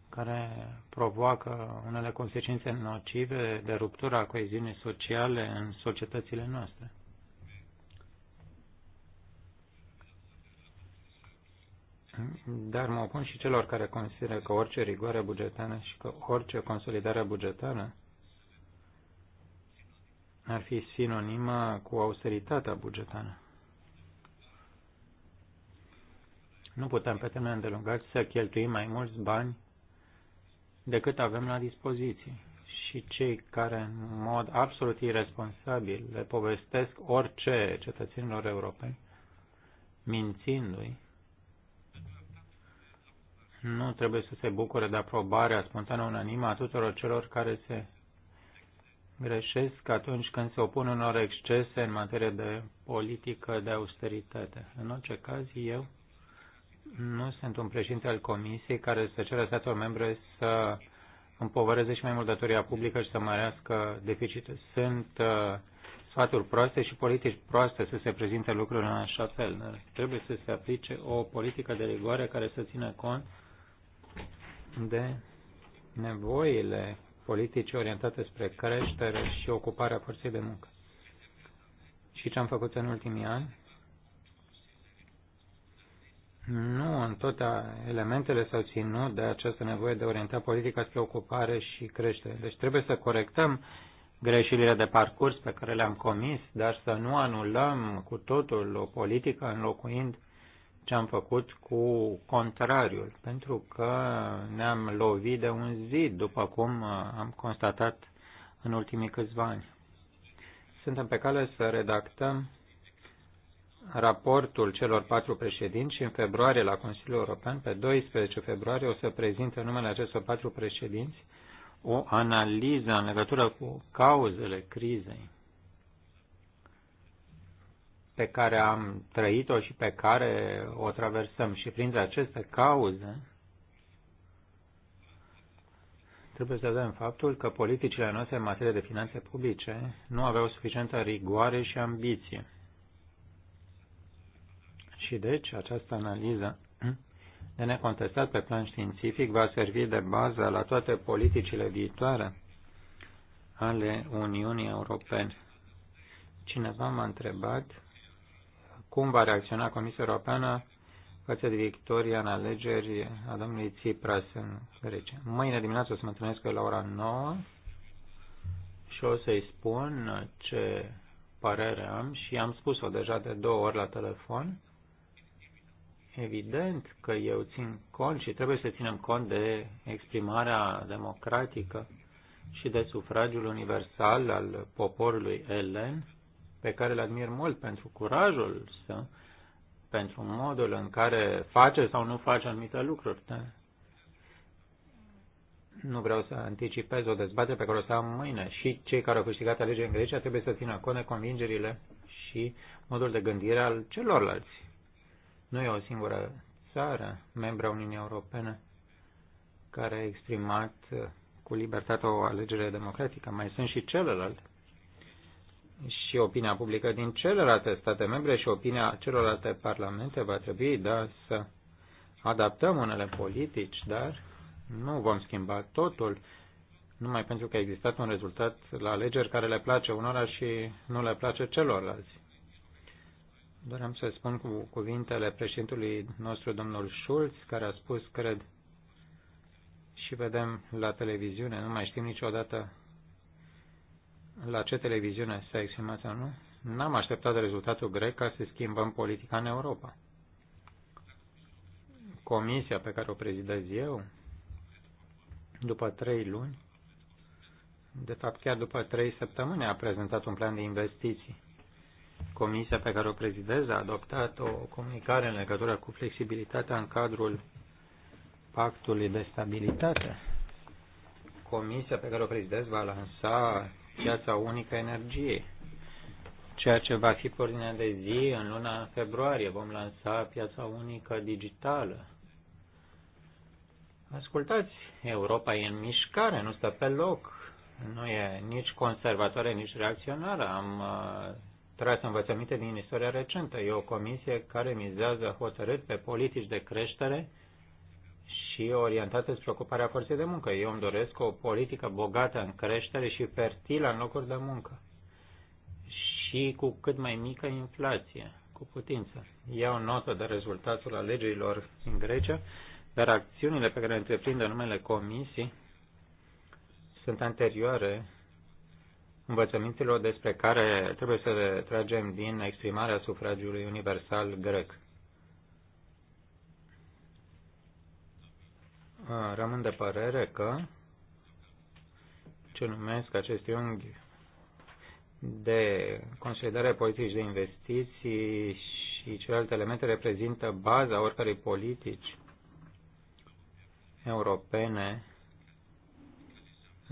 care provoacă unele consecințe nocive de ruptura coeziunii sociale în societățile noastre. Dar mă opun și celor care consideră că orice rigoare bugetară și că orice consolidare bugetară ar fi sinonimă cu austeritatea bugetară. Nu putem pe termen îndelungat să cheltuim mai mulți bani decât avem la dispoziție. Și cei care în mod absolut irresponsabil le povestesc orice cetățenilor europeni, mințindu-i, nu trebuie să se bucure de aprobarea spontană unanimă a tuturor celor care se greșesc atunci când se opun unor excese în materie de politică de austeritate. În orice caz, eu nu sunt un președinte al comisiei care să ceră statul membre să împovăreze și mai mult datoria publică și să mărească deficitul. Sunt uh, sfaturi proaste și politici proaste să se prezinte lucrurile în așa fel. Trebuie să se aplice o politică de rigoare care să țină cont de nevoile politici orientate spre creștere și ocuparea forței de muncă. Și ce am făcut în ultimii ani? Nu în toate elementele s-au ținut de această nevoie de orienta politica spre ocupare și creștere. Deci trebuie să corectăm greșelile de parcurs pe care le-am comis, dar să nu anulăm cu totul o politică înlocuind ce am făcut cu contrariul, pentru că ne-am lovit de un zid, după cum uh, am constatat în ultimii câțiva ani. Suntem pe cale să redactăm raportul celor patru președinți și în februarie la Consiliul European, pe 12 februarie, o să prezinte în numele acestor patru președinți o analiză în legătură cu cauzele crizei pe care am trăit-o și pe care o traversăm. Și printre aceste cauze, trebuie să vedem faptul că politicile noastre în materie de finanțe publice nu aveau suficientă rigoare și ambiție. Și deci această analiză de necontestat pe plan științific va servi de bază la toate politicile viitoare ale Uniunii Europene. Cineva m-a întrebat cum va reacționa Comisia Europeană față de victoria în alegeri a domnului Tsipras în Grecia. Mâine dimineață o să mă întâlnesc la ora 9 și o să-i spun ce părere am și am spus-o deja de două ori la telefon Evident că eu țin cont și trebuie să ținem cont de exprimarea democratică și de sufragiul universal al poporului elen, pe care îl admir mult pentru curajul său, pentru modul în care face sau nu face anumite lucruri. Da? Nu vreau să anticipez o dezbatere pe care o să am mâine. Și cei care au câștigat alegeri în Grecia trebuie să țină cont de convingerile și modul de gândire al celorlalți nu e o singură țară, membra Uniunii Europene, care a exprimat uh, cu libertate o alegere democratică. Mai sunt și celelalte și opinia publică din celelalte state membre și opinia celorlalte parlamente va trebui, da, să adaptăm unele politici, dar nu vom schimba totul numai pentru că a existat un rezultat la alegeri care le place unora și nu le place celorlalți. Doream să spun cu cuvintele președintului nostru, domnul Schulz, care a spus, cred, și vedem la televiziune, nu mai știm niciodată la ce televiziune s-a exprimat sau nu, n-am așteptat rezultatul grec ca să schimbăm politica în Europa. Comisia pe care o prezidez eu, după trei luni, de fapt chiar după trei săptămâni, a prezentat un plan de investiții Comisia pe care o prezidez a adoptat o comunicare în legătură cu flexibilitatea în cadrul pactului de stabilitate. Comisia pe care o prezidez va lansa piața unică energiei, ceea ce va fi pe ordinea de zi în luna februarie. Vom lansa piața unică digitală. Ascultați, Europa e în mișcare, nu stă pe loc, nu e nici conservatoare, nici reacționară. Am uh, tras învățăminte din istoria recentă. E o comisie care mizează hotărât pe politici de creștere și orientată spre ocuparea forței de muncă. Eu îmi doresc o politică bogată în creștere și fertilă în locuri de muncă și cu cât mai mică inflație, cu putință. Iau notă de rezultatul alegerilor în Grecia, dar acțiunile pe care le întreprind în numele comisii sunt anterioare învățămintelor despre care trebuie să tragem din exprimarea sufragiului universal grec. Rămân de părere că ce numesc acest unghi de consolidare politici de investiții și celelalte elemente reprezintă baza oricărei politici europene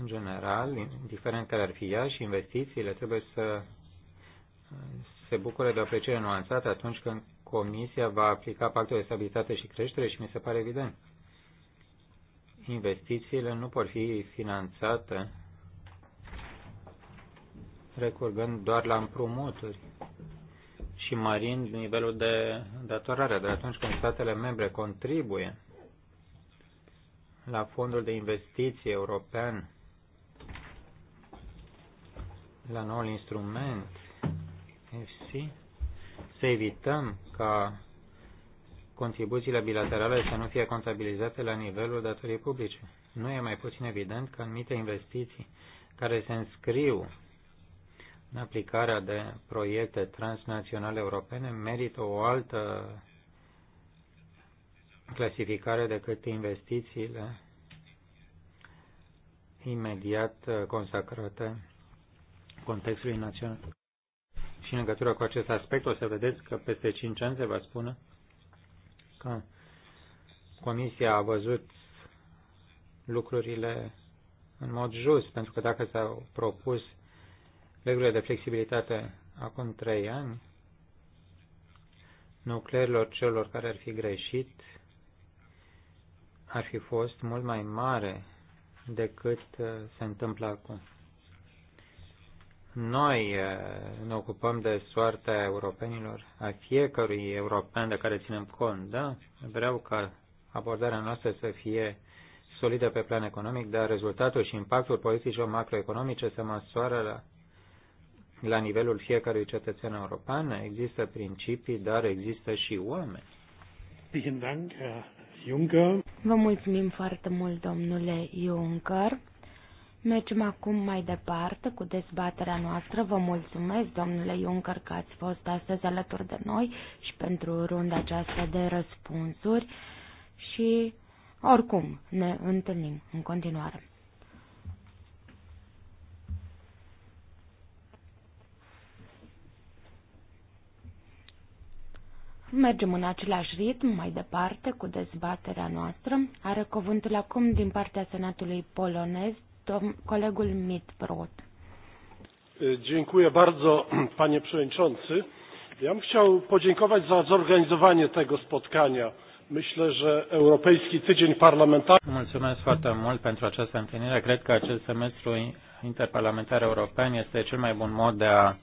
în general, indiferent care ar fi ea și investițiile, trebuie să se bucure de o apreciere nuanțată atunci când Comisia va aplica pactul de stabilitate și creștere și mi se pare evident. Investițiile nu pot fi finanțate recurgând doar la împrumuturi și mărind nivelul de datorare. Dar atunci când statele membre contribuie la fondul de investiții european la noul instrument FC, să evităm ca contribuțiile bilaterale să nu fie contabilizate la nivelul datoriei publice. Nu e mai puțin evident că anumite investiții care se înscriu în aplicarea de proiecte transnaționale europene merită o altă clasificare decât investițiile imediat consacrate contextului național. Și în legătură cu acest aspect o să vedeți că peste 5 ani se va spune că Comisia a văzut lucrurile în mod just, pentru că dacă s-au propus regulile de flexibilitate acum trei ani, nuclearilor celor care ar fi greșit ar fi fost mult mai mare decât uh, se întâmplă acum. Noi eh, ne ocupăm de soarta europenilor, a fiecărui european de care ținem cont, da? Vreau ca abordarea noastră să fie solidă pe plan economic, dar rezultatul și impactul politicilor macroeconomice se măsoară la, la nivelul fiecărui cetățean european. Există principii, dar există și oameni. Vă mulțumim foarte mult, domnule Juncker. Mergem acum mai departe cu dezbaterea noastră. Vă mulțumesc, domnule Juncker, că ați fost astăzi alături de noi și pentru runda aceasta de răspunsuri și oricum ne întâlnim în continuare. Mergem în același ritm, mai departe, cu dezbaterea noastră. Are cuvântul acum din partea Senatului polonez colegul Mitbrot. Dziękuję bardzo, panie przewodniczący. Ja bym chciał podziękować za zorganizowanie tego spotkania. Myślę, że Europejski Tydzień Parlamentarny. Mulțumesc foarte mult pentru această întâlnire. Cred că acest semestru interparlamentar european este cel mai bun mod de a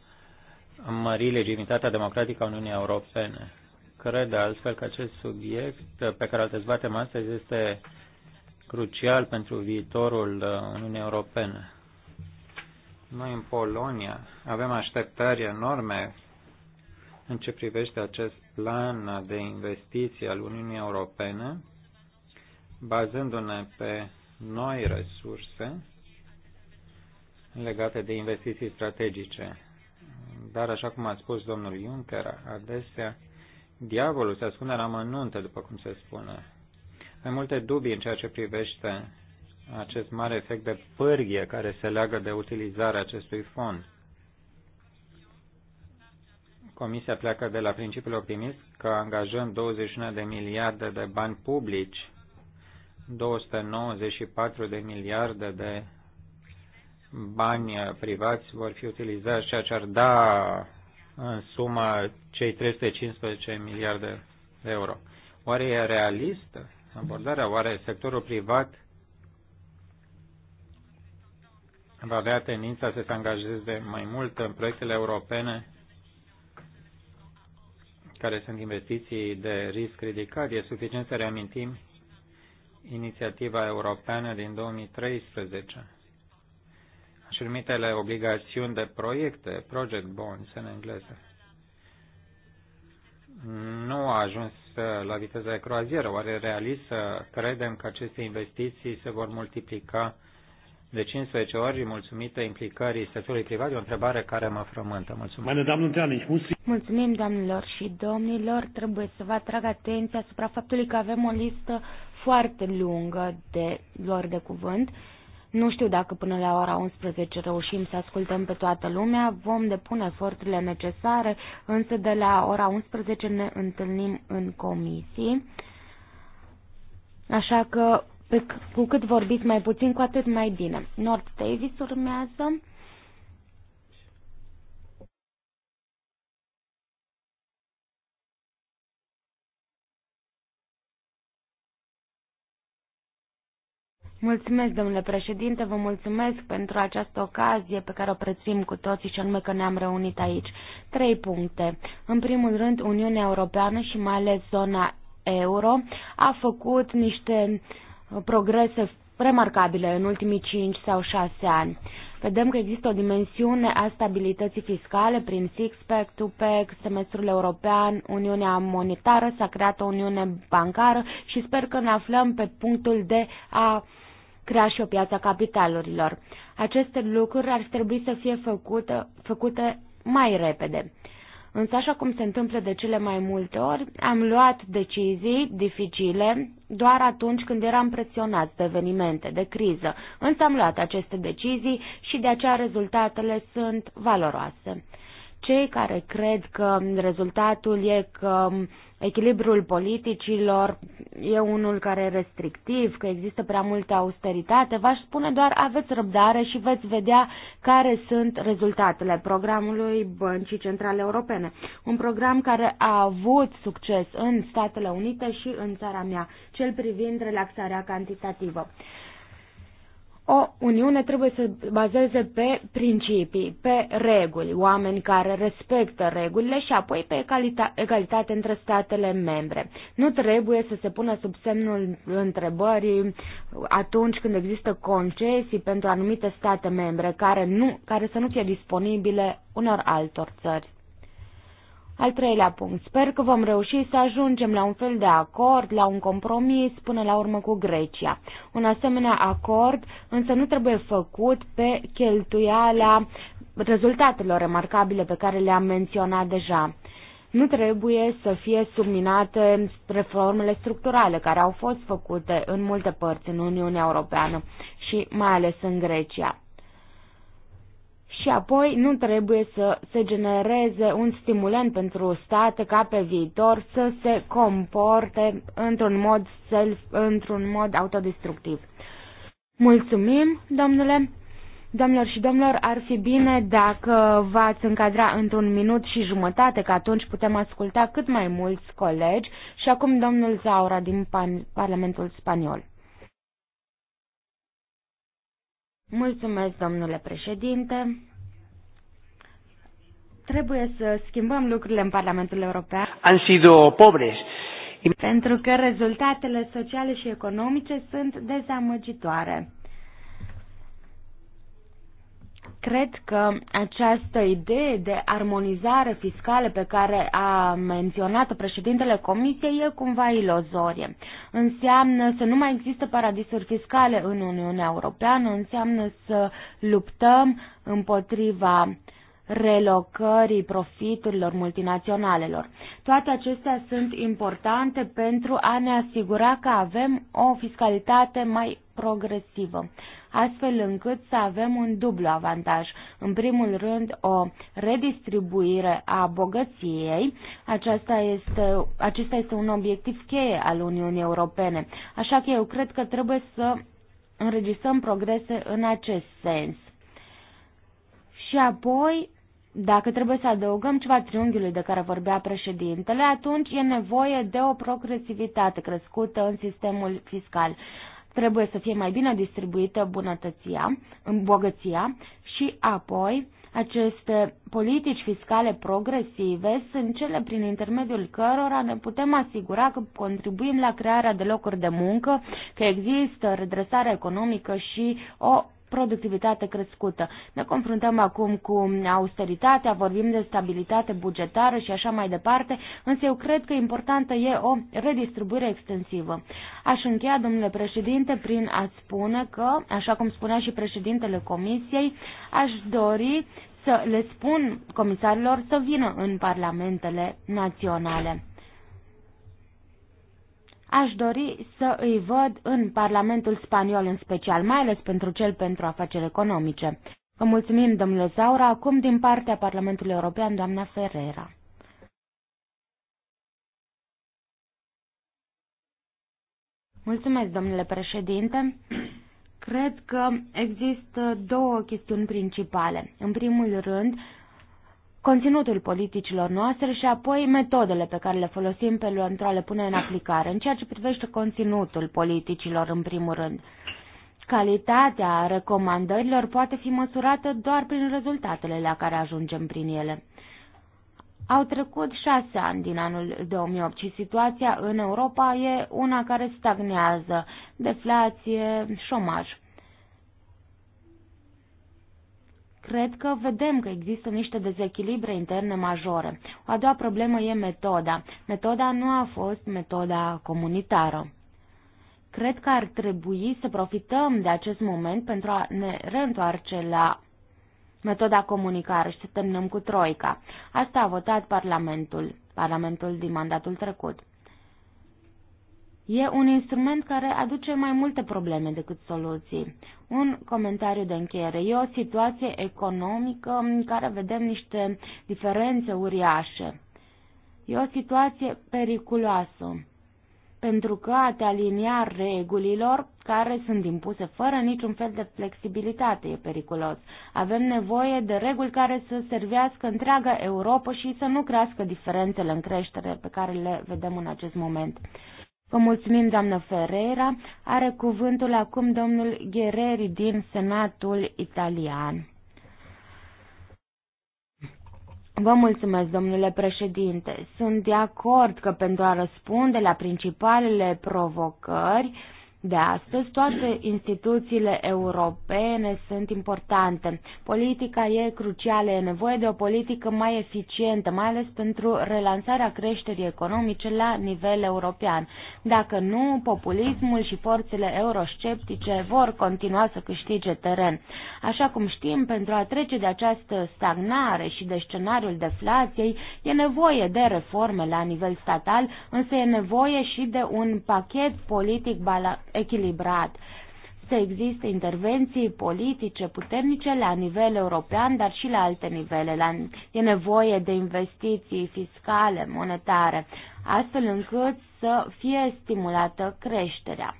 mări legitimitatea democratică a Uniunii Europene. Cred de altfel că acest subiect pe care îl dezbatem astăzi este crucial pentru viitorul uh, Uniunii Europene. Noi în Polonia avem așteptări enorme în ce privește acest plan de investiții al Uniunii Europene, bazându-ne pe noi resurse legate de investiții strategice. Dar, așa cum a spus domnul Juncker, adesea diavolul se ascunde la mănunte, după cum se spune mai multe dubii în ceea ce privește acest mare efect de pârghie care se leagă de utilizarea acestui fond. Comisia pleacă de la principiul optimist că angajăm 21 de miliarde de bani publici, 294 de miliarde de bani privați vor fi utilizați, ceea ce ar da în sumă cei 315 miliarde de euro. Oare e realistă abordarea. Oare sectorul privat va avea tendința să se angajeze mai mult în proiectele europene care sunt investiții de risc ridicat? E suficient să reamintim inițiativa europeană din 2013 și numitele obligațiuni de proiecte, project bonds în engleză nu a ajuns uh, la viteza de croazieră. Oare realist să credem că aceste investiții se vor multiplica de 15 ori mulțumită implicării sectorului privat? E o întrebare care mă frământă. Mulțumesc. Mulțumim, doamnelor și domnilor. Trebuie să vă atrag atenția asupra faptului că avem o listă foarte lungă de lor de cuvânt nu știu dacă până la ora 11 reușim să ascultăm pe toată lumea, vom depune eforturile necesare, însă de la ora 11 ne întâlnim în comisii. Așa că pe, cu cât vorbiți mai puțin, cu atât mai bine. North Davis urmează. Mulțumesc, domnule președinte, vă mulțumesc pentru această ocazie pe care o prețuim cu toții și anume că ne-am reunit aici. Trei puncte. În primul rând, Uniunea Europeană și mai ales zona euro a făcut niște uh, progrese remarcabile în ultimii 5 sau 6 ani. Vedem că există o dimensiune a stabilității fiscale prin SIXPEC, TUPEC, semestrul european, Uniunea Monetară, s-a creat o Uniune Bancară și sper că ne aflăm pe punctul de a uh, crea și o piață a capitalurilor. Aceste lucruri ar trebui să fie făcute, făcute mai repede. Însă, așa cum se întâmplă de cele mai multe ori, am luat decizii dificile doar atunci când eram presionați de evenimente, de criză. Însă am luat aceste decizii și de aceea rezultatele sunt valoroase. Cei care cred că rezultatul e că echilibrul politicilor e unul care e restrictiv, că există prea multă austeritate, v-aș spune doar aveți răbdare și veți vedea care sunt rezultatele programului Băncii Centrale Europene. Un program care a avut succes în Statele Unite și în țara mea, cel privind relaxarea cantitativă. O uniune trebuie să bazeze pe principii, pe reguli, oameni care respectă regulile și apoi pe egalita- egalitate între statele membre. Nu trebuie să se pună sub semnul întrebării atunci când există concesii pentru anumite state membre care, nu, care să nu fie disponibile unor altor țări. Al treilea punct. Sper că vom reuși să ajungem la un fel de acord, la un compromis până la urmă cu Grecia. Un asemenea acord însă nu trebuie făcut pe cheltuiala rezultatelor remarcabile pe care le-am menționat deja. Nu trebuie să fie subminate reformele structurale care au fost făcute în multe părți în Uniunea Europeană și mai ales în Grecia și apoi nu trebuie să se genereze un stimulant pentru stat ca pe viitor să se comporte într-un mod, self, într-un mod autodestructiv. Mulțumim, domnule! Domnilor și domnilor, ar fi bine dacă v-ați încadra într-un minut și jumătate, că atunci putem asculta cât mai mulți colegi. Și acum domnul Zaura din Pan Parlamentul Spaniol. Mulțumesc, domnule președinte. Trebuie să schimbăm lucrurile în Parlamentul European. Am sido pobres. Pentru că rezultatele sociale și economice sunt dezamăgitoare. Cred că această idee de armonizare fiscală pe care a menționat-o președintele Comisiei e cumva ilozorie. Înseamnă să nu mai există paradisuri fiscale în Uniunea Europeană, înseamnă să luptăm împotriva relocării profiturilor multinaționalelor. Toate acestea sunt importante pentru a ne asigura că avem o fiscalitate mai progresivă, astfel încât să avem un dublu avantaj. În primul rând, o redistribuire a bogăției. Aceasta este, acesta este un obiectiv cheie al Uniunii Europene, așa că eu cred că trebuie să înregistrăm progrese în acest sens. Și apoi dacă trebuie să adăugăm ceva triunghiului de care vorbea președintele, atunci e nevoie de o progresivitate crescută în sistemul fiscal. Trebuie să fie mai bine distribuită bunătăția, bogăția și apoi aceste politici fiscale progresive sunt cele prin intermediul cărora ne putem asigura că contribuim la crearea de locuri de muncă, că există redresare economică și o productivitate crescută. Ne confruntăm acum cu austeritatea, vorbim de stabilitate bugetară și așa mai departe, însă eu cred că importantă e o redistribuire extensivă. Aș încheia, domnule președinte, prin a spune că, așa cum spunea și președintele Comisiei, aș dori să le spun comisarilor să vină în parlamentele naționale. Aș dori să îi văd în Parlamentul spaniol în special, mai ales pentru cel pentru afaceri economice. Vă mulțumim, domnule Zaura, acum din partea Parlamentului European, doamna Ferrera. Mulțumesc, domnule președinte. Cred că există două chestiuni principale. În primul rând, conținutul politicilor noastre și apoi metodele pe care le folosim pentru a le pune în aplicare, în ceea ce privește conținutul politicilor în primul rând. Calitatea recomandărilor poate fi măsurată doar prin rezultatele la care ajungem prin ele. Au trecut șase ani din anul 2008 și situația în Europa e una care stagnează, deflație, șomaj. Cred că vedem că există niște dezechilibre interne majore. O a doua problemă e metoda. Metoda nu a fost metoda comunitară. Cred că ar trebui să profităm de acest moment pentru a ne reîntoarce la metoda comunicară și să terminăm cu Troica. Asta a votat Parlamentul, Parlamentul din mandatul trecut. E un instrument care aduce mai multe probleme decât soluții. Un comentariu de încheiere. E o situație economică în care vedem niște diferențe uriașe. E o situație periculoasă, pentru că a te alinia regulilor care sunt impuse fără niciun fel de flexibilitate e periculos. Avem nevoie de reguli care să servească întreaga Europa și să nu crească diferențele în creștere pe care le vedem în acest moment. Vă mulțumim, doamnă Ferreira. Are cuvântul acum domnul Ghereri din Senatul Italian. Vă mulțumesc, domnule președinte. Sunt de acord că pentru a răspunde la principalele provocări, de astăzi, toate instituțiile europene sunt importante. Politica e crucială, e nevoie de o politică mai eficientă, mai ales pentru relansarea creșterii economice la nivel european. Dacă nu, populismul și forțele eurosceptice vor continua să câștige teren. Așa cum știm, pentru a trece de această stagnare și de scenariul deflației, e nevoie de reforme la nivel statal, însă e nevoie și de un pachet politic balanțat echilibrat să existe intervenții politice puternice la nivel european, dar și la alte nivele. La, e nevoie de investiții fiscale, monetare, astfel încât să fie stimulată creșterea.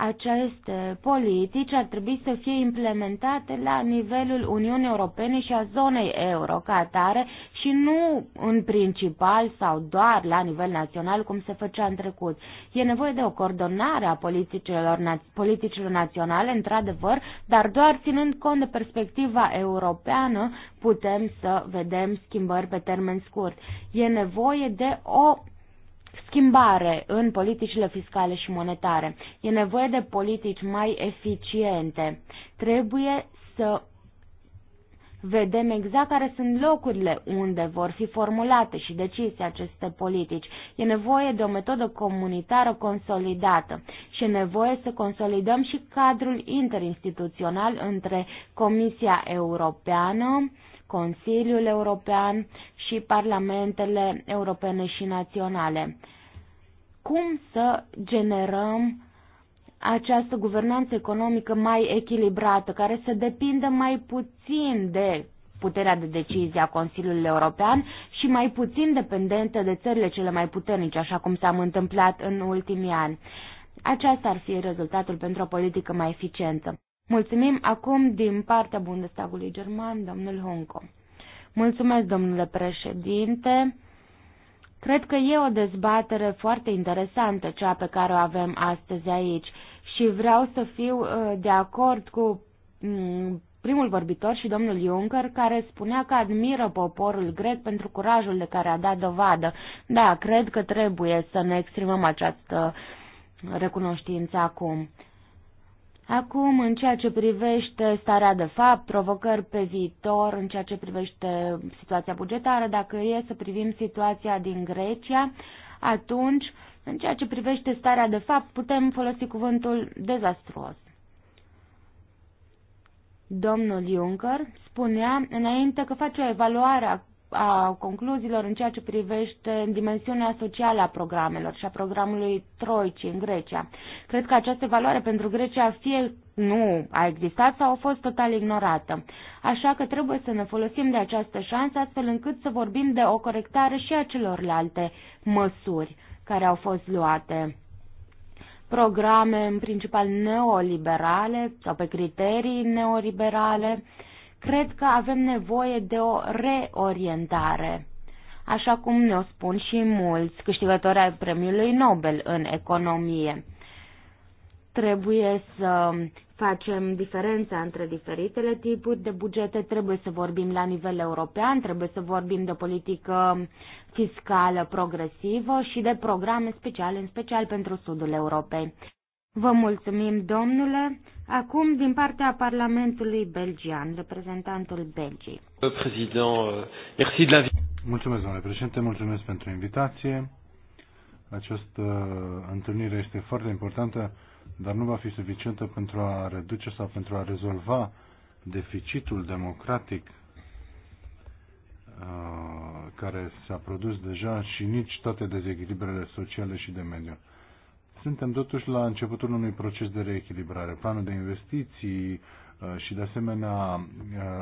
Aceste politici ar trebui să fie implementate la nivelul Uniunii Europene și a zonei euro ca atare și nu în principal sau doar la nivel național cum se făcea în trecut. E nevoie de o coordonare a politicilor, politicilor naționale, într-adevăr, dar doar ținând cont de perspectiva europeană putem să vedem schimbări pe termen scurt. E nevoie de o schimbare în politicile fiscale și monetare. E nevoie de politici mai eficiente. Trebuie să Vedem exact care sunt locurile unde vor fi formulate și decise aceste politici. E nevoie de o metodă comunitară consolidată și e nevoie să consolidăm și cadrul interinstituțional între Comisia Europeană, Consiliul European și Parlamentele Europene și Naționale cum să generăm această guvernanță economică mai echilibrată, care să depindă mai puțin de puterea de decizie a Consiliului European și mai puțin dependentă de țările cele mai puternice, așa cum s-a întâmplat în ultimii ani. Aceasta ar fi rezultatul pentru o politică mai eficientă. Mulțumim acum din partea Bundestagului German, domnul Honko. Mulțumesc, domnule președinte. Cred că e o dezbatere foarte interesantă cea pe care o avem astăzi aici și vreau să fiu uh, de acord cu mm, primul vorbitor și domnul Juncker, care spunea că admiră poporul grec pentru curajul de care a dat dovadă. Da, cred că trebuie să ne exprimăm această recunoștință acum. Acum, în ceea ce privește starea de fapt, provocări pe viitor, în ceea ce privește situația bugetară, dacă e să privim situația din Grecia, atunci, în ceea ce privește starea de fapt, putem folosi cuvântul dezastruos. Domnul Juncker spunea înainte că face o evaluare a a concluziilor în ceea ce privește dimensiunea socială a programelor și a programului Troici în Grecia. Cred că această valoare pentru Grecia fie nu a existat sau a fost total ignorată. Așa că trebuie să ne folosim de această șansă astfel încât să vorbim de o corectare și a celorlalte măsuri care au fost luate programe în principal neoliberale sau pe criterii neoliberale, uh, Cred că avem nevoie de o reorientare, așa cum ne-o spun și mulți câștigători ai premiului Nobel în economie. Trebuie să facem diferența între diferitele tipuri de bugete, trebuie să vorbim la nivel european, trebuie să vorbim de politică fiscală progresivă și de programe speciale, în special pentru sudul Europei. Vă mulțumim, domnule. Acum, din partea Parlamentului Belgian, reprezentantul Belgiei. Mulțumesc, domnule președinte, mulțumesc pentru invitație. Această uh, întâlnire este foarte importantă, dar nu va fi suficientă pentru a reduce sau pentru a rezolva deficitul democratic uh, care s-a produs deja și nici toate dezechilibrele sociale și de mediu. Suntem totuși la începutul unui proces de reechilibrare. Planul de investiții uh, și de asemenea uh,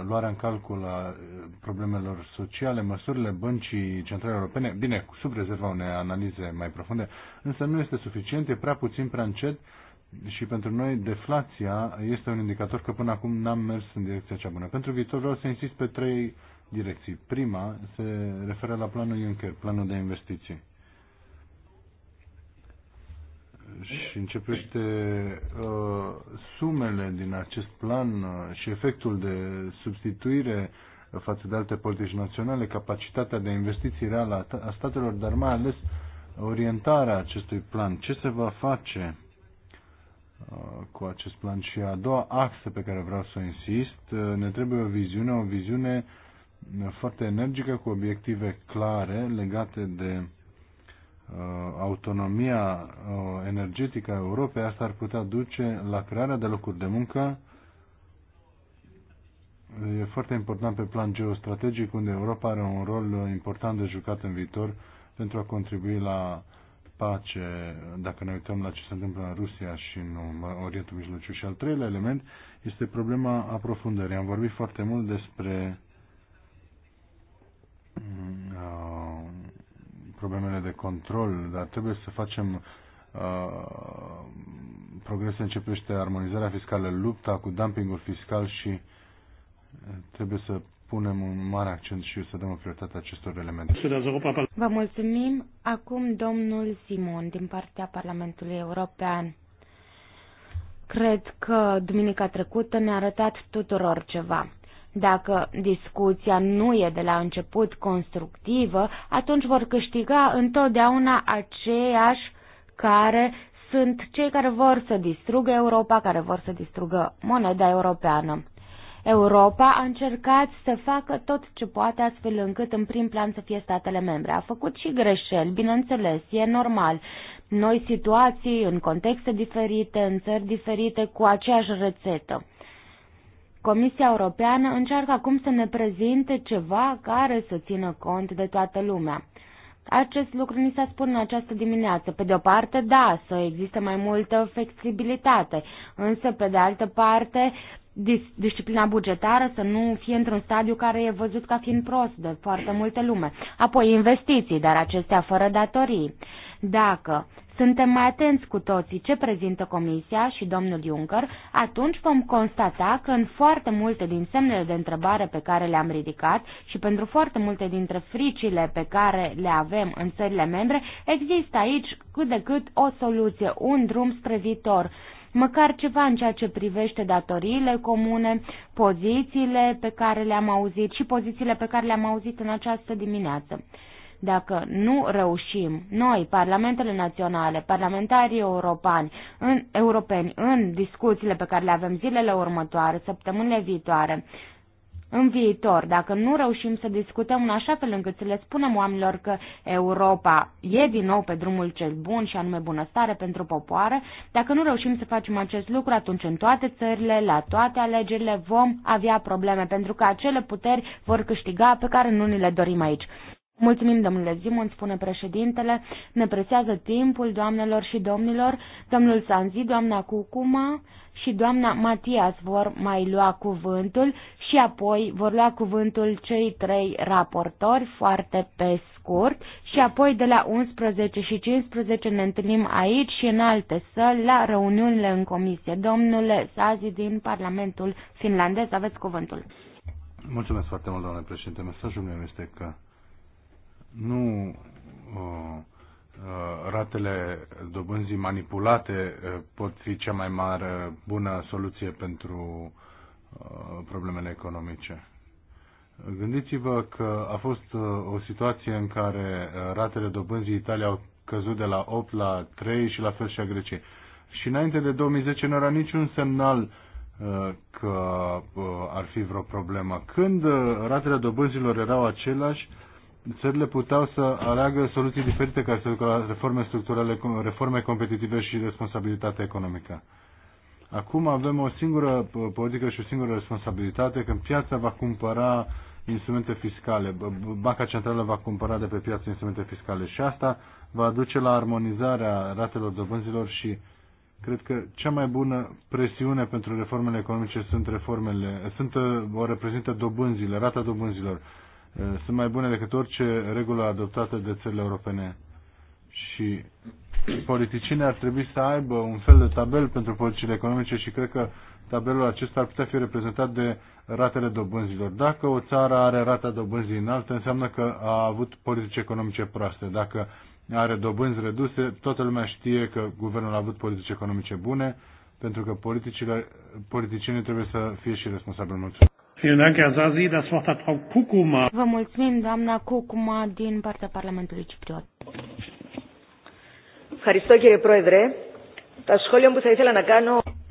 luarea în calcul a uh, problemelor sociale, măsurile băncii centrale europene, bine, sub rezerva unei analize mai profunde, însă nu este suficient, e prea puțin, prea încet și pentru noi deflația este un indicator că până acum n-am mers în direcția cea bună. Pentru viitor vreau să insist pe trei direcții. Prima se referă la planul Juncker, planul de investiții și începește uh, sumele din acest plan uh, și efectul de substituire față de alte politici naționale, capacitatea de investiții reală a statelor, dar mai ales orientarea acestui plan. Ce se va face uh, cu acest plan? Și a doua axă pe care vreau să insist, uh, ne trebuie o viziune, o viziune foarte energică cu obiective clare legate de Uh, autonomia uh, energetică a Europei, asta ar putea duce la crearea de locuri de muncă. E foarte important pe plan geostrategic, unde Europa are un rol important de jucat în viitor pentru a contribui la pace, dacă ne uităm la ce se întâmplă în Rusia și în Orientul Mijlociu. Și al treilea element este problema aprofundării. Am vorbit foarte mult despre mm, uh, problemele de control, dar trebuie să facem uh, progrese în ce privește armonizarea fiscală, lupta cu dumpingul fiscal și uh, trebuie să punem un mare accent și să dăm o prioritate acestor elemente. Vă mulțumim. Acum domnul Simon din partea Parlamentului European. Cred că duminica trecută ne-a arătat tuturor ceva. Dacă discuția nu e de la început constructivă, atunci vor câștiga întotdeauna aceiași care sunt cei care vor să distrugă Europa, care vor să distrugă moneda europeană. Europa a încercat să facă tot ce poate astfel încât în prim plan să fie statele membre. A făcut și greșeli, bineînțeles, e normal. Noi situații, în contexte diferite, în țări diferite, cu aceeași rețetă. Comisia Europeană încearcă acum să ne prezinte ceva care să țină cont de toată lumea. Acest lucru ni s-a spus în această dimineață. Pe de o parte, da, să existe mai multă flexibilitate, însă, pe de altă parte, dis disciplina bugetară să nu fie într-un stadiu care e văzut ca fiind prost de foarte multe lume. Apoi, investiții, dar acestea fără datorii. Dacă suntem atenți cu toții ce prezintă Comisia și domnul Juncker, atunci vom constata că în foarte multe din semnele de întrebare pe care le-am ridicat și pentru foarte multe dintre fricile pe care le avem în țările membre, există aici cât de cât o soluție, un drum spre viitor măcar ceva în ceea ce privește datoriile comune, pozițiile pe care le-am auzit și pozițiile pe care le-am auzit în această dimineață. Dacă nu reușim noi, parlamentele naționale, parlamentarii europani, în, europeni, în discuțiile pe care le avem zilele următoare, săptămânile viitoare, în viitor, dacă nu reușim să discutăm în așa fel încât să le spunem oamenilor că Europa e din nou pe drumul cel bun și anume bunăstare pentru popoare, dacă nu reușim să facem acest lucru, atunci în toate țările, la toate alegerile vom avea probleme, pentru că acele puteri vor câștiga pe care nu ni le dorim aici. Mulțumim, domnule Zimon, spune președintele. Ne presează timpul, doamnelor și domnilor. Domnul Sanzi, doamna Cucuma și doamna Matias vor mai lua cuvântul și apoi vor lua cuvântul cei trei raportori foarte pe scurt și apoi de la 11 și 15 ne întâlnim aici și în alte săli la reuniunile în comisie. Domnule Sazi din Parlamentul finlandez, aveți cuvântul. Mulțumesc foarte mult, domnule președinte. Mesajul meu este că nu uh, uh, ratele dobânzii manipulate uh, pot fi cea mai mare bună soluție pentru uh, problemele economice. Gândiți-vă că a fost uh, o situație în care uh, ratele dobânzii Italia au căzut de la 8 la 3 și la fel și a Greciei. Și înainte de 2010 nu era niciun semnal uh, că uh, ar fi vreo problemă. Când uh, ratele dobânzilor erau aceleași, țările puteau să aleagă soluții diferite care să ducă la reforme structurale, reforme competitive și responsabilitate economică. Acum avem o singură politică și o singură responsabilitate când piața va cumpăra instrumente fiscale, Banca Centrală va cumpăra de pe piață instrumente fiscale și asta va duce la armonizarea ratelor dobânzilor și cred că cea mai bună presiune pentru reformele economice sunt reformele, sunt, o reprezintă dobânzile, rata dobânzilor Eh, sunt mai bune decât orice regulă adoptată de țările europene. Și politicienii ar trebui să aibă un fel de tabel pentru politicile economice și cred că tabelul acesta ar putea fi reprezentat de ratele dobânzilor. Dacă o țară are rata dobânzii înaltă, înseamnă că a avut politici economice proaste. Dacă are dobânzi reduse, toată lumea știe că guvernul a avut politici economice bune, pentru că politicile, politicienii trebuie să fie și responsabili. Mulțumesc. Vă mulțumim, doamna Cucuma, din partea Parlamentului Cipriot.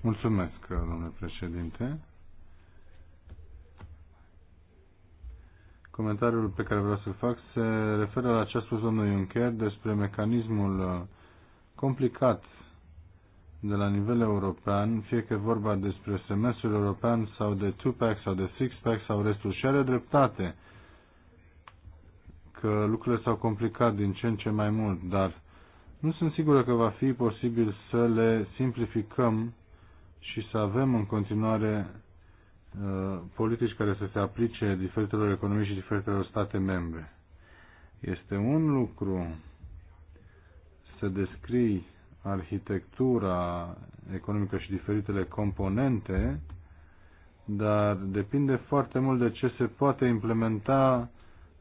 Mulțumesc, domnule președinte. Comentariul pe care vreau să-l fac se referă la ce a spus domnul Juncker despre mecanismul uh, complicat de la nivel european, fie că vorba despre semestrul european sau de two-pack sau de six-pack sau restul. Și are dreptate că lucrurile s-au complicat din ce în ce mai mult, dar nu sunt sigură că va fi posibil să le simplificăm și să avem în continuare uh, politici care să se aplice diferitelor economii și diferitelor state membre. Este un lucru să descrii arhitectura economică și diferitele componente, dar depinde foarte mult de ce se poate implementa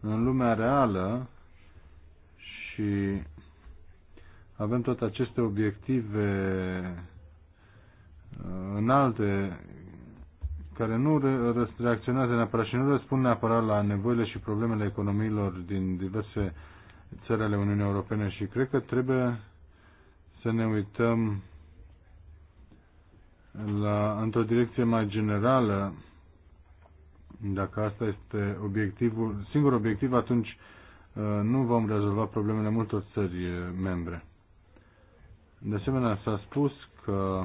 în lumea reală și avem toate aceste obiective uh, înalte care nu reacționează neapărat și nu răspund neapărat la nevoile și problemele economiilor din diverse țări ale Uniunii Europene și cred că trebuie să ne uităm la, într-o direcție mai generală, dacă asta este obiectivul, singur obiectiv, atunci uh, nu vom rezolva problemele multor țări uh, membre. De asemenea, s-a spus că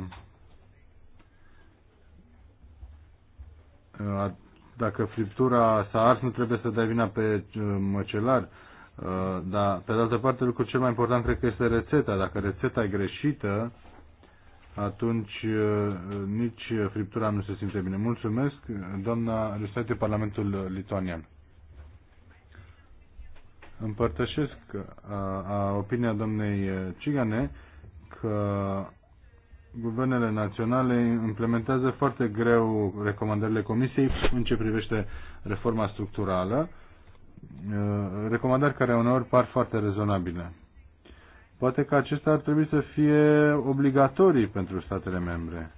uh, dacă friptura s-a ars, nu trebuie să dai vina pe măcelar. Uh, dar, pe de altă parte, lucrul cel mai important cred că este rețeta. Dacă rețeta e greșită, atunci uh, nici friptura nu se simte bine. Mulțumesc, doamna Rusate, Parlamentul Lituanian. Împărtășesc uh, a, a, opinia doamnei Cigane că guvernele naționale implementează foarte greu recomandările Comisiei în ce privește reforma structurală Uh, recomandări care uneori par foarte rezonabile. Poate că acestea ar trebui să fie obligatorii pentru statele membre.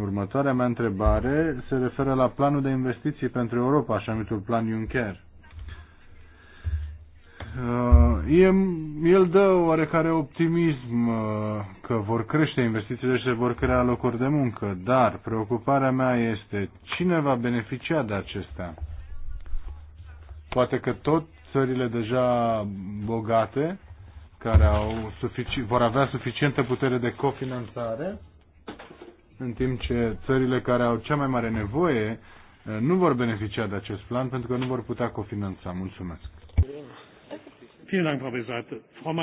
Următoarea mea întrebare se referă la planul de investiții pentru Europa, așa numitul plan Juncker. Uh, el dă oarecare optimism uh, că vor crește investițiile și se vor crea locuri de muncă, dar preocuparea mea este cine va beneficia de acestea Poate că tot țările deja bogate, care au sufici- vor avea suficientă putere de cofinanțare, în timp ce țările care au cea mai mare nevoie eh, nu vor beneficia de acest plan pentru că nu vor putea cofinanța. Mulțumesc.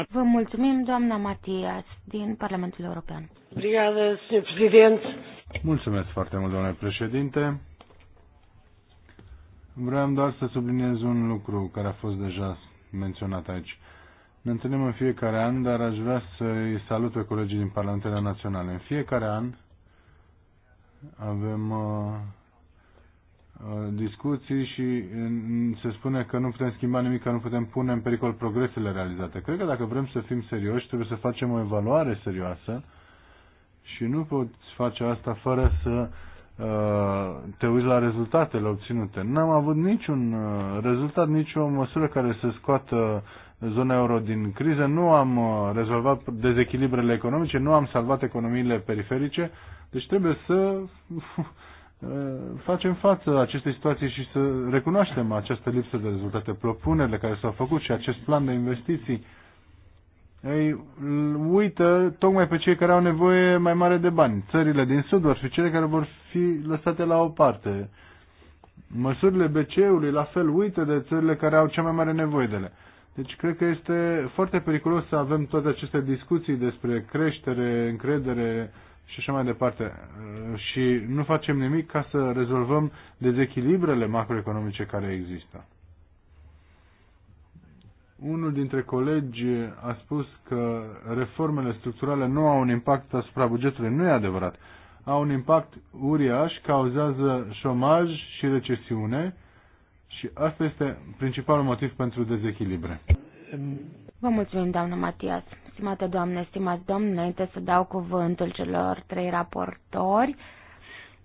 Vă mulțumim, doamna Matias, din Parlamentul European. Mulțumesc foarte mult, domnule președinte. Vreau doar să subliniez un lucru care a fost deja menționat aici. Ne întâlnim în fiecare an, dar aș vrea să-i salut pe colegii din Parlamentele Naționale. În fiecare an avem uh, uh discuții și se spune că nu putem schimba nimic, că nu putem pune în pericol progresele realizate. Cred că dacă vrem să fim serioși, trebuie să facem o evaluare serioasă și nu poți face asta fără să Uh, te uiți la rezultatele obținute. N-am avut niciun uh, rezultat, nicio măsură care să scoată zona euro din criză, nu am uh, rezolvat dezechilibrele economice, nu am salvat economiile periferice, deci trebuie să facem față acestei situații și să recunoaștem această lipsă de rezultate. Propunerile care s-au făcut și acest plan de investiții îi uită tocmai pe cei care au nevoie mai mare de bani. Țările din Sud vor fi cele care vor fi lăsate la o parte. Măsurile BCE-ului la fel uită de țările care au cea mai mare nevoie de ele. Deci cred că este foarte periculos să avem toate aceste discuții despre creștere, încredere și așa mai departe. Și nu facem nimic ca să rezolvăm dezechilibrele macroeconomice care există unul dintre colegi a spus că reformele structurale nu au un impact asupra bugetului. Nu e adevărat. Au un impact uriaș, cauzează șomaj și recesiune și asta este principalul motiv pentru dezechilibre. Vă mulțumim, doamnă Matias. Stimate doamne, stimați domn, înainte să dau cuvântul celor trei raportori,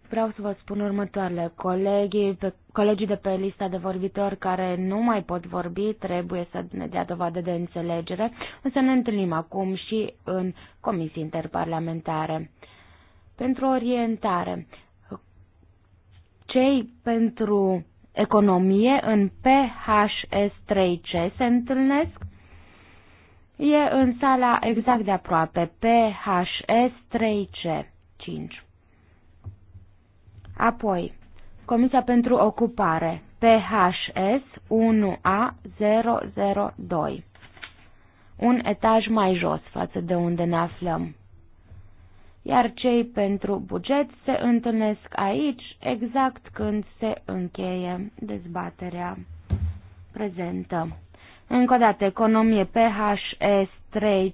Vreau să vă spun următoarele. Colegii, pe, colegii de pe lista de vorbitori care nu mai pot vorbi trebuie să ne dea dovadă de înțelegere, însă ne întâlnim acum și în comisii interparlamentare. Pentru orientare, cei pentru economie în PHS3C se întâlnesc? E în sala exact de aproape, PHS3C 5. Apoi, Comisia pentru Ocupare, PHS 1A002. Un etaj mai jos față de unde ne aflăm. Iar cei pentru buget se întâlnesc aici exact când se încheie dezbaterea prezentă. Încă o dată, economie PHS 3C000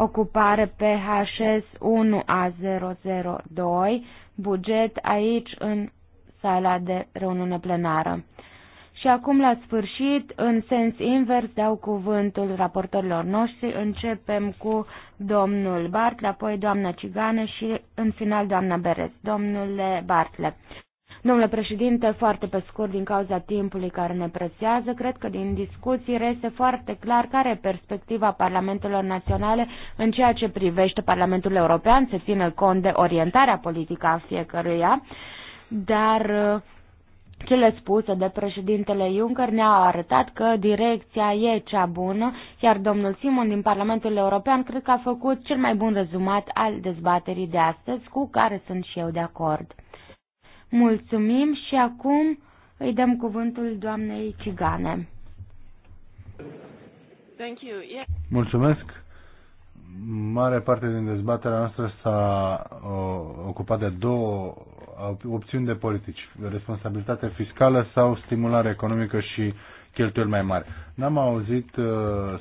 ocupare PHS 1A002, buget aici în sala de reuniune plenară. Și acum, la sfârșit, în sens invers, dau cuvântul raportorilor noștri. Începem cu domnul Bartle, apoi doamna Cigană și, în final, doamna Berez. Domnule Bartle. Domnule președinte, foarte pe scurt, din cauza timpului care ne prețează, cred că din discuții reiese foarte clar care e perspectiva Parlamentelor Naționale în ceea ce privește Parlamentul European, se țină cont de orientarea politică a fiecăruia, dar uh, cele spuse de președintele Juncker ne-au arătat că direcția e cea bună, iar domnul Simon din Parlamentul European cred că a făcut cel mai bun rezumat al dezbaterii de astăzi, cu care sunt și eu de acord. Mulțumim și acum îi dăm cuvântul doamnei Cigane. Thank you. Yeah. Mulțumesc. Mare parte din dezbaterea noastră s-a ocupat de două opțiuni de politici, responsabilitate fiscală sau stimulare economică și cheltuieli mai mari. N-am auzit uh,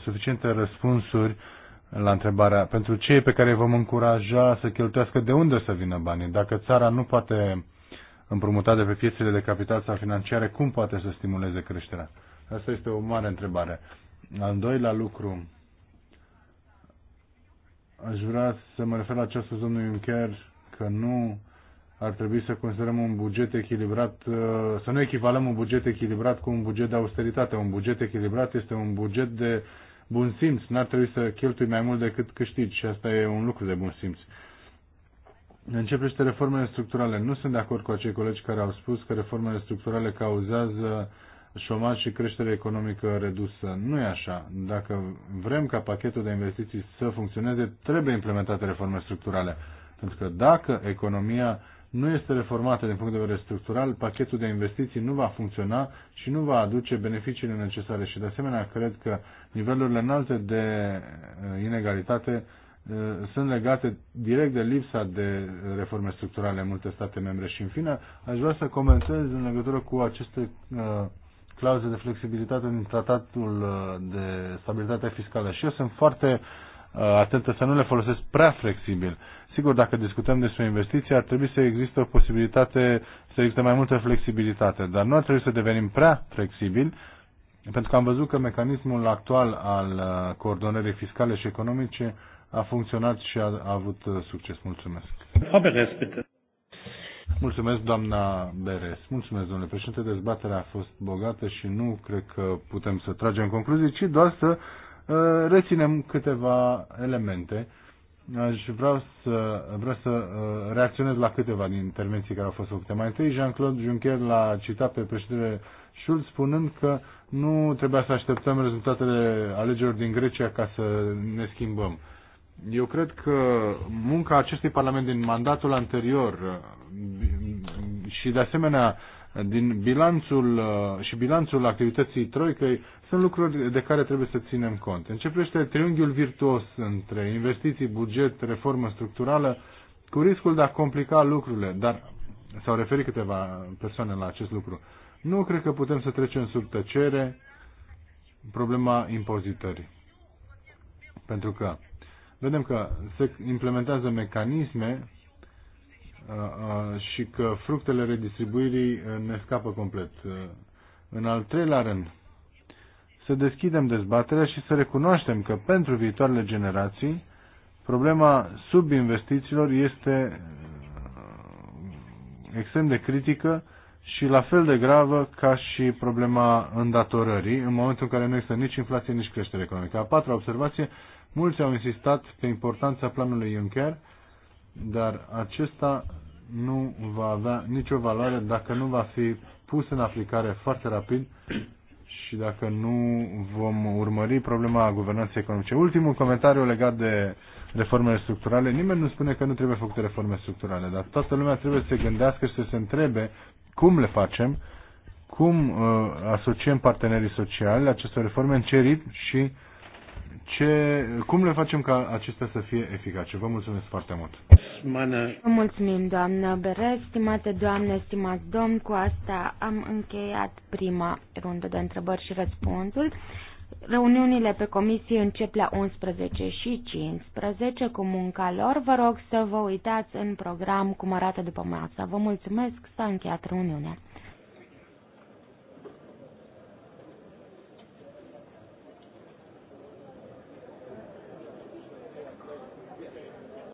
suficiente răspunsuri la întrebarea pentru cei pe care vom încuraja să cheltuiască de unde să vină banii. Dacă țara nu poate împrumutate pe piețele de capital sau financiare, cum poate să stimuleze creșterea? Asta este o mare întrebare. Al doilea lucru, aș vrea să mă refer la această a domnul Juncker, că nu ar trebui să considerăm un buget echilibrat, uh, să nu echivalăm un buget echilibrat cu un buget de austeritate. Un buget echilibrat este un buget de bun simț. N-ar trebui să cheltui mai mult decât câștigi și asta e un lucru de bun simț. În ce privește reformele structurale, nu sunt de acord cu acei colegi care au spus că reformele structurale cauzează șomaj și creștere economică redusă. Nu e așa. Dacă vrem ca pachetul de investiții să funcționeze, trebuie implementate reforme structurale. Pentru că dacă economia nu este reformată din punct de vedere structural, pachetul de investiții nu va funcționa și nu va aduce beneficiile necesare. Și de asemenea, cred că nivelurile înalte de uh, inegalitate Eh, sunt legate direct de lipsa de reforme structurale în multe state membre. Și în fine, aș vrea să comentez în legătură cu aceste eh, clauze de flexibilitate din tratatul eh, de stabilitate fiscală. Și eu sunt foarte atentă să nu le folosesc prea flexibil. Sigur, dacă discutăm despre investiții, ar trebui să existe o posibilitate, să existe mai multă flexibilitate, dar nu ar trebui să devenim prea flexibili, pentru că am văzut că mecanismul actual al coordonării fiscale și economice a funcționat și a, a avut uh, succes. Mulțumesc. Mulțumesc, doamna Beres. Mulțumesc, domnule președinte. Dezbaterea a fost bogată și nu cred că putem să tragem concluzii, ci doar să uh, reținem câteva elemente. Aș vreau să, vreau să uh, reacționez la câteva din intervenții care au fost făcute. Mai întâi, Jean-Claude Juncker l-a citat pe președintele Schulz spunând că nu trebuia să așteptăm rezultatele alegerilor din Grecia ca să ne schimbăm. Uh, eu cred că munca acestui Parlament din mandatul anterior și de asemenea din bilanțul și bilanțul activității Troicăi sunt lucruri de care trebuie să ținem cont. Începește triunghiul virtuos între investiții, buget, reformă structurală, cu riscul de a complica lucrurile, dar s-au referit câteva persoane la acest lucru. Nu cred că putem să trecem sub tăcere problema impozitării. Pentru că vedem că se implementează mecanisme uh, uh, și că fructele redistribuirii uh, ne scapă complet. În al treilea rând, să deschidem dezbaterea și să recunoaștem că pentru viitoarele generații problema subinvestițiilor este extrem de critică și la fel de gravă ca și problema îndatorării în momentul în care nu există nici inflație, nici creștere economică. A patra observație, Mulți au insistat pe importanța planului Juncker, dar acesta nu va avea nicio valoare dacă nu va fi pus în aplicare foarte rapid și dacă nu vom urmări problema guvernanței economice. Ultimul comentariu legat de reformele structurale. Nimeni nu spune că nu trebuie făcute reforme structurale, dar toată lumea trebuie să se gândească și să se întrebe cum le facem, cum uh, asociem partenerii sociali la aceste reforme în ce ritm și ce, cum le facem ca acestea să fie eficace? Vă mulțumesc foarte mult! Vă mulțumim, doamnă Bere, stimate doamne, stimați domn, cu asta am încheiat prima rundă de întrebări și răspunsuri. Reuniunile pe comisie încep la 11 și 15 cu munca lor. Vă rog să vă uitați în program cum arată după masa. Vă mulțumesc, s-a încheiat reuniunea.